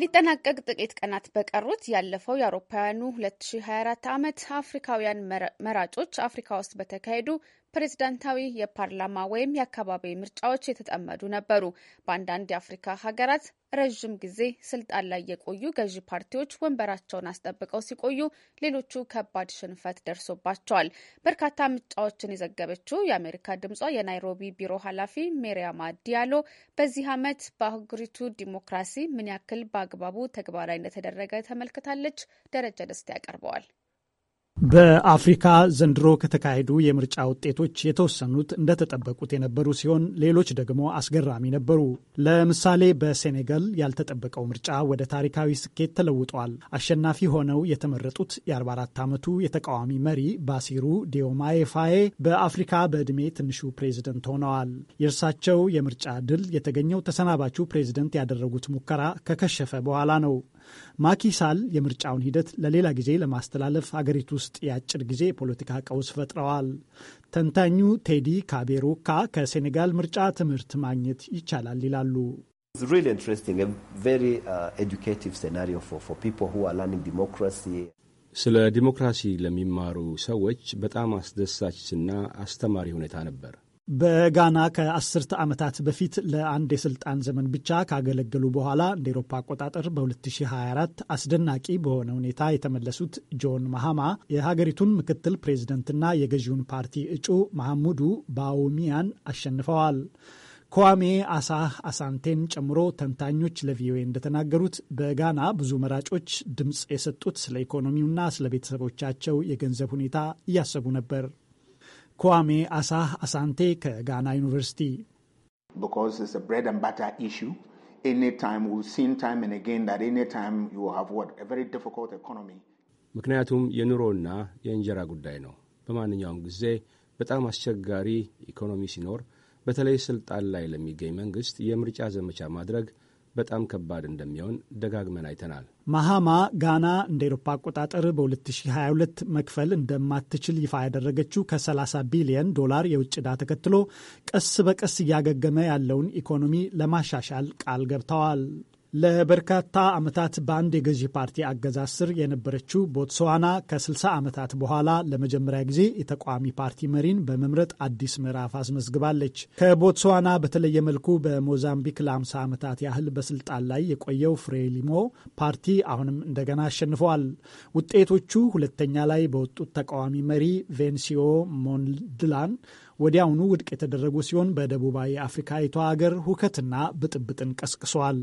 ሊጠናቀቅ ጥቂት ቀናት በቀሩት ያለፈው የአውሮፓውያኑ 2024 ዓመት አፍሪካውያን መራጮች አፍሪካ ውስጥ በተካሄዱ ፕሬዝዳንታዊ የፓርላማ ወይም የአካባቢ ምርጫዎች የተጠመዱ ነበሩ። በአንዳንድ የአፍሪካ ሀገራት ረዥም ጊዜ ስልጣን ላይ የቆዩ ገዢ ፓርቲዎች ወንበራቸውን አስጠብቀው ሲቆዩ፣ ሌሎቹ ከባድ ሽንፈት ደርሶባቸዋል። በርካታ ምርጫዎችን የዘገበችው የአሜሪካ ድምጿ የናይሮቢ ቢሮ ኃላፊ ሜሪያማ ዲያሎ በዚህ ዓመት በአህጉሪቱ ዲሞክራሲ ምን ያክል በአግባቡ ተግባራዊ እንደተደረገ ተመልክታለች። ደረጃ ደስታ ያቀርበዋል። በአፍሪካ ዘንድሮ ከተካሄዱ የምርጫ ውጤቶች የተወሰኑት እንደተጠበቁት የነበሩ ሲሆን ሌሎች ደግሞ አስገራሚ ነበሩ። ለምሳሌ በሴኔጋል ያልተጠበቀው ምርጫ ወደ ታሪካዊ ስኬት ተለውጧል። አሸናፊ ሆነው የተመረጡት የ44 ዓመቱ የተቃዋሚ መሪ ባሲሩ ዲዮማዬ ፋዬ በአፍሪካ በዕድሜ ትንሹ ፕሬዝደንት ሆነዋል። የእርሳቸው የምርጫ ድል የተገኘው ተሰናባቹ ፕሬዝደንት ያደረጉት ሙከራ ከከሸፈ በኋላ ነው። ማኪሳል የምርጫውን ሂደት ለሌላ ጊዜ ለማስተላለፍ አገሪቱ ውስጥ የአጭር ጊዜ የፖለቲካ ቀውስ ፈጥረዋል። ተንታኙ ቴዲ ካቤሩካ ከሴኔጋል ምርጫ ትምህርት ማግኘት ይቻላል ይላሉ። uh, ስለ ዲሞክራሲ ለሚማሩ ሰዎች በጣም አስደሳችና አስተማሪ ሁኔታ ነበር። በጋና ከአስርተ ዓመታት በፊት ለአንድ የስልጣን ዘመን ብቻ ካገለገሉ በኋላ እንደ ኤሮፓ አቆጣጠር በ2024 አስደናቂ በሆነ ሁኔታ የተመለሱት ጆን ማሃማ የሀገሪቱን ምክትል ፕሬዝደንትና የገዢውን ፓርቲ እጩ መሐሙዱ ባውሚያን አሸንፈዋል። ኳሜ አሳህ አሳንቴን ጨምሮ ተንታኞች ለቪኦኤ እንደተናገሩት በጋና ብዙ መራጮች ድምፅ የሰጡት ስለ ኢኮኖሚውና ስለ ቤተሰቦቻቸው የገንዘብ ሁኔታ እያሰቡ ነበር። ኳሜ አሳህ አሳንቴ ከጋና ዩኒቨርሲቲ ምክንያቱም የኑሮና የእንጀራ ጉዳይ ነው። በማንኛውም ጊዜ በጣም አስቸጋሪ ኢኮኖሚ ሲኖር፣ በተለይ ስልጣን ላይ ለሚገኝ መንግሥት የምርጫ ዘመቻ ማድረግ በጣም ከባድ እንደሚሆን ደጋግመን አይተናል። ማሃማ ጋና እንደ ኤሮፓ አቆጣጠር በ2022 መክፈል እንደማትችል ይፋ ያደረገችው ከ30 ቢሊየን ዶላር የውጭ ዕዳ ተከትሎ ቀስ በቀስ እያገገመ ያለውን ኢኮኖሚ ለማሻሻል ቃል ገብተዋል። ለበርካታ ዓመታት በአንድ የገዢ ፓርቲ አገዛዝ ስር የነበረችው ቦትስዋና ከ60 ዓመታት በኋላ ለመጀመሪያ ጊዜ የተቃዋሚ ፓርቲ መሪን በመምረጥ አዲስ ምዕራፍ አስመዝግባለች። ከቦትስዋና በተለየ መልኩ በሞዛምቢክ ለ50 ዓመታት ያህል በስልጣን ላይ የቆየው ፍሬሊሞ ፓርቲ አሁንም እንደገና አሸንፈዋል። ውጤቶቹ ሁለተኛ ላይ በወጡት ተቃዋሚ መሪ ቬንሲዮ ሞንድላን ወዲያውኑ ውድቅ የተደረጉ ሲሆን በደቡባዊ አፍሪካዊቷ ሀገር ሁከትና ብጥብጥን ቀስቅሷል።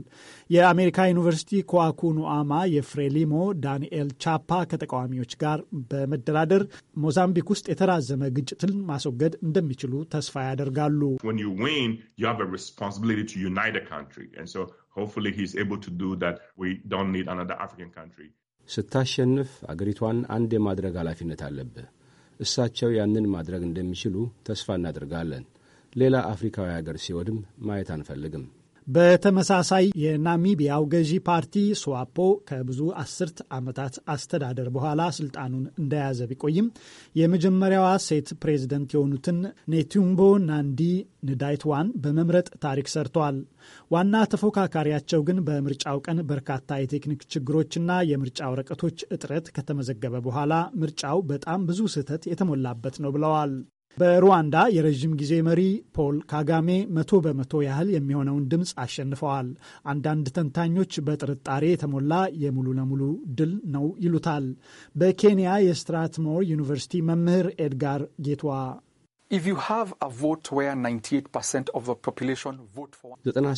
የአሜሪካ ዩኒቨርሲቲ ኮአኩኑአማ የፍሬሊሞ ዳንኤል ቻፓ ከተቃዋሚዎች ጋር በመደራደር ሞዛምቢክ ውስጥ የተራዘመ ግጭትን ማስወገድ እንደሚችሉ ተስፋ ያደርጋሉ። ስታሸንፍ አገሪቷን አንድ የማድረግ ኃላፊነት አለብህ። እሳቸው ያንን ማድረግ እንደሚችሉ ተስፋ እናደርጋለን። ሌላ አፍሪካዊ ሀገር ሲወድም ማየት አንፈልግም። በተመሳሳይ የናሚቢያው ገዢ ፓርቲ ስዋፖ ከብዙ አስርት ዓመታት አስተዳደር በኋላ ስልጣኑን እንደያዘ ቢቆይም የመጀመሪያዋ ሴት ፕሬዝደንት የሆኑትን ኔቱምቦ ናንዲ ንዳይትዋን በመምረጥ ታሪክ ሰርተዋል። ዋና ተፎካካሪያቸው ግን በምርጫው ቀን በርካታ የቴክኒክ ችግሮችና የምርጫ ወረቀቶች እጥረት ከተመዘገበ በኋላ ምርጫው በጣም ብዙ ስህተት የተሞላበት ነው ብለዋል። በሩዋንዳ የረዥም ጊዜ መሪ ፖል ካጋሜ መቶ በመቶ ያህል የሚሆነውን ድምፅ አሸንፈዋል። አንዳንድ ተንታኞች በጥርጣሬ የተሞላ የሙሉ ለሙሉ ድል ነው ይሉታል። በኬንያ የስትራትሞር ዩኒቨርሲቲ መምህር ኤድጋር ጌትዋ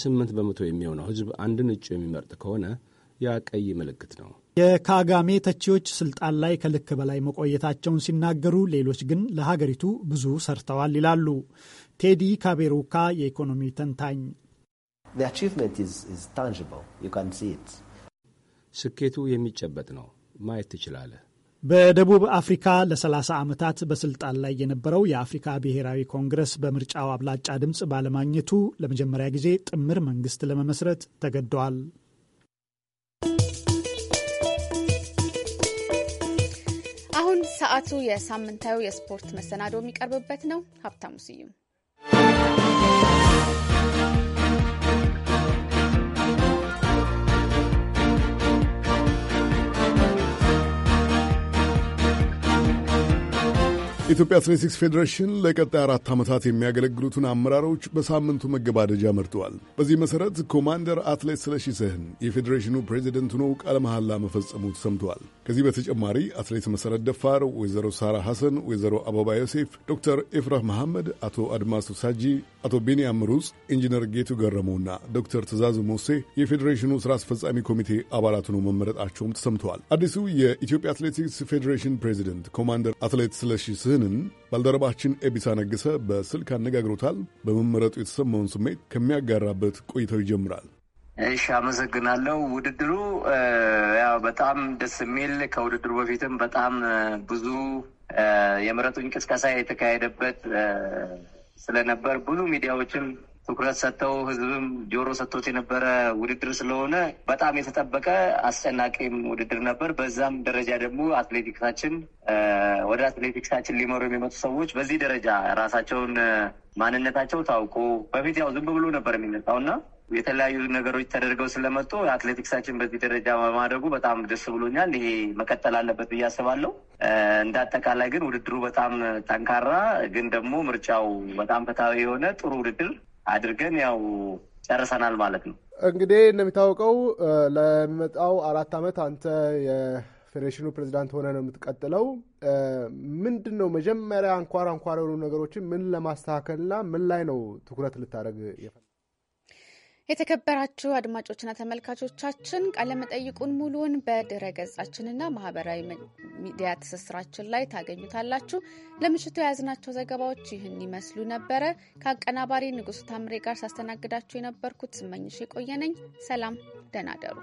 ስምንት በመቶ የሚሆነው ህዝብ አንድን እጩ የሚመርጥ ከሆነ ያ ቀይ ምልክት ነው። የካጋሜ ተቺዎች ስልጣን ላይ ከልክ በላይ መቆየታቸውን ሲናገሩ፣ ሌሎች ግን ለሀገሪቱ ብዙ ሰርተዋል ይላሉ። ቴዲ ካቤሩካ የኢኮኖሚ ተንታኝ ስኬቱ የሚጨበጥ ነው፣ ማየት ትችላለህ። በደቡብ አፍሪካ ለ30 ዓመታት በስልጣን ላይ የነበረው የአፍሪካ ብሔራዊ ኮንግረስ በምርጫው አብላጫ ድምፅ ባለማግኘቱ ለመጀመሪያ ጊዜ ጥምር መንግስት ለመመስረት ተገደዋል። ሰዓቱ የሳምንታዊ የስፖርት መሰናዶ የሚቀርብበት ነው። ሀብታሙ ስዩም የኢትዮጵያ አትሌቲክስ ፌዴሬሽን ለቀጣይ አራት ዓመታት የሚያገለግሉትን አመራሮች በሳምንቱ መገባደጃ መርጠዋል። በዚህ መሠረት ኮማንደር አትሌት ስለሺ ስህን የፌዴሬሽኑ ፕሬዚደንት ሆነው ቃለ መሐላ መፈጸሙ ተሰምተዋል። ከዚህ በተጨማሪ አትሌት መሰረት ደፋር፣ ወይዘሮ ሳራ ሐሰን፣ ወይዘሮ አበባ ዮሴፍ፣ ዶክተር ኤፍራህ መሐመድ፣ አቶ አድማሱ ሳጂ፣ አቶ ቤንያም ሩጽ፣ ኢንጂነር ጌቱ ገረመውና ዶክተር ትእዛዙ ሞሴ የፌዴሬሽኑ ስራ አስፈጻሚ ኮሚቴ አባላት ሆነው መመረጣቸውም ተሰምተዋል። አዲሱ የኢትዮጵያ አትሌቲክስ ፌዴሬሽን ፕሬዚደንት ኮማንደር አትሌት ስለሺ ስህንን ባልደረባችን ኤቢሳ ነገሰ በስልክ አነጋግሮታል። በመመረጡ የተሰማውን ስሜት ከሚያጋራበት ቆይታው ይጀምራል። እሺ አመሰግናለሁ። ውድድሩ ያው በጣም ደስ የሚል ከውድድሩ በፊትም በጣም ብዙ የምረጡ እንቅስቃሴ የተካሄደበት ስለነበር ብዙ ሚዲያዎችም ትኩረት ሰጥተው ህዝብም ጆሮ ሰጥቶት የነበረ ውድድር ስለሆነ በጣም የተጠበቀ አስጨናቂም ውድድር ነበር። በዛም ደረጃ ደግሞ አትሌቲክሳችን ወደ አትሌቲክሳችን ሊመሩ የሚመጡ ሰዎች በዚህ ደረጃ ራሳቸውን ማንነታቸው ታውቆ በፊት ያው ዝም ብሎ ነበር የሚመጣው እና የተለያዩ ነገሮች ተደርገው ስለመጡ አትሌቲክሳችን በዚህ ደረጃ በማድረጉ በጣም ደስ ብሎኛል። ይሄ መቀጠል አለበት ብዬ አስባለሁ። እንደ አጠቃላይ ግን ውድድሩ በጣም ጠንካራ ግን ደግሞ ምርጫው በጣም ፍትሃዊ የሆነ ጥሩ ውድድር አድርገን ያው ጨርሰናል ማለት ነው። እንግዲህ እንደሚታወቀው ለሚመጣው አራት ዓመት አንተ የፌዴሬሽኑ ፕሬዚዳንት ሆነ ነው የምትቀጥለው። ምንድን ነው መጀመሪያ አንኳር አንኳር የሆኑ ነገሮችን ምን ለማስተካከልና ምን ላይ ነው ትኩረት ልታደርግ የተከበራችሁ አድማጮችና ተመልካቾቻችን ቃለመጠይቁን ሙሉውን በድረ ገጻችንና ማህበራዊ ሚዲያ ትስስራችን ላይ ታገኙታላችሁ። ለምሽቱ የያዝናቸው ዘገባዎች ይህን ይመስሉ ነበረ። ከአቀናባሪ ንጉሱ ታምሬ ጋር ሳስተናግዳችሁ የነበርኩት ስመኝሽ የቆየነኝ። ሰላም፣ ደህና ደሩ።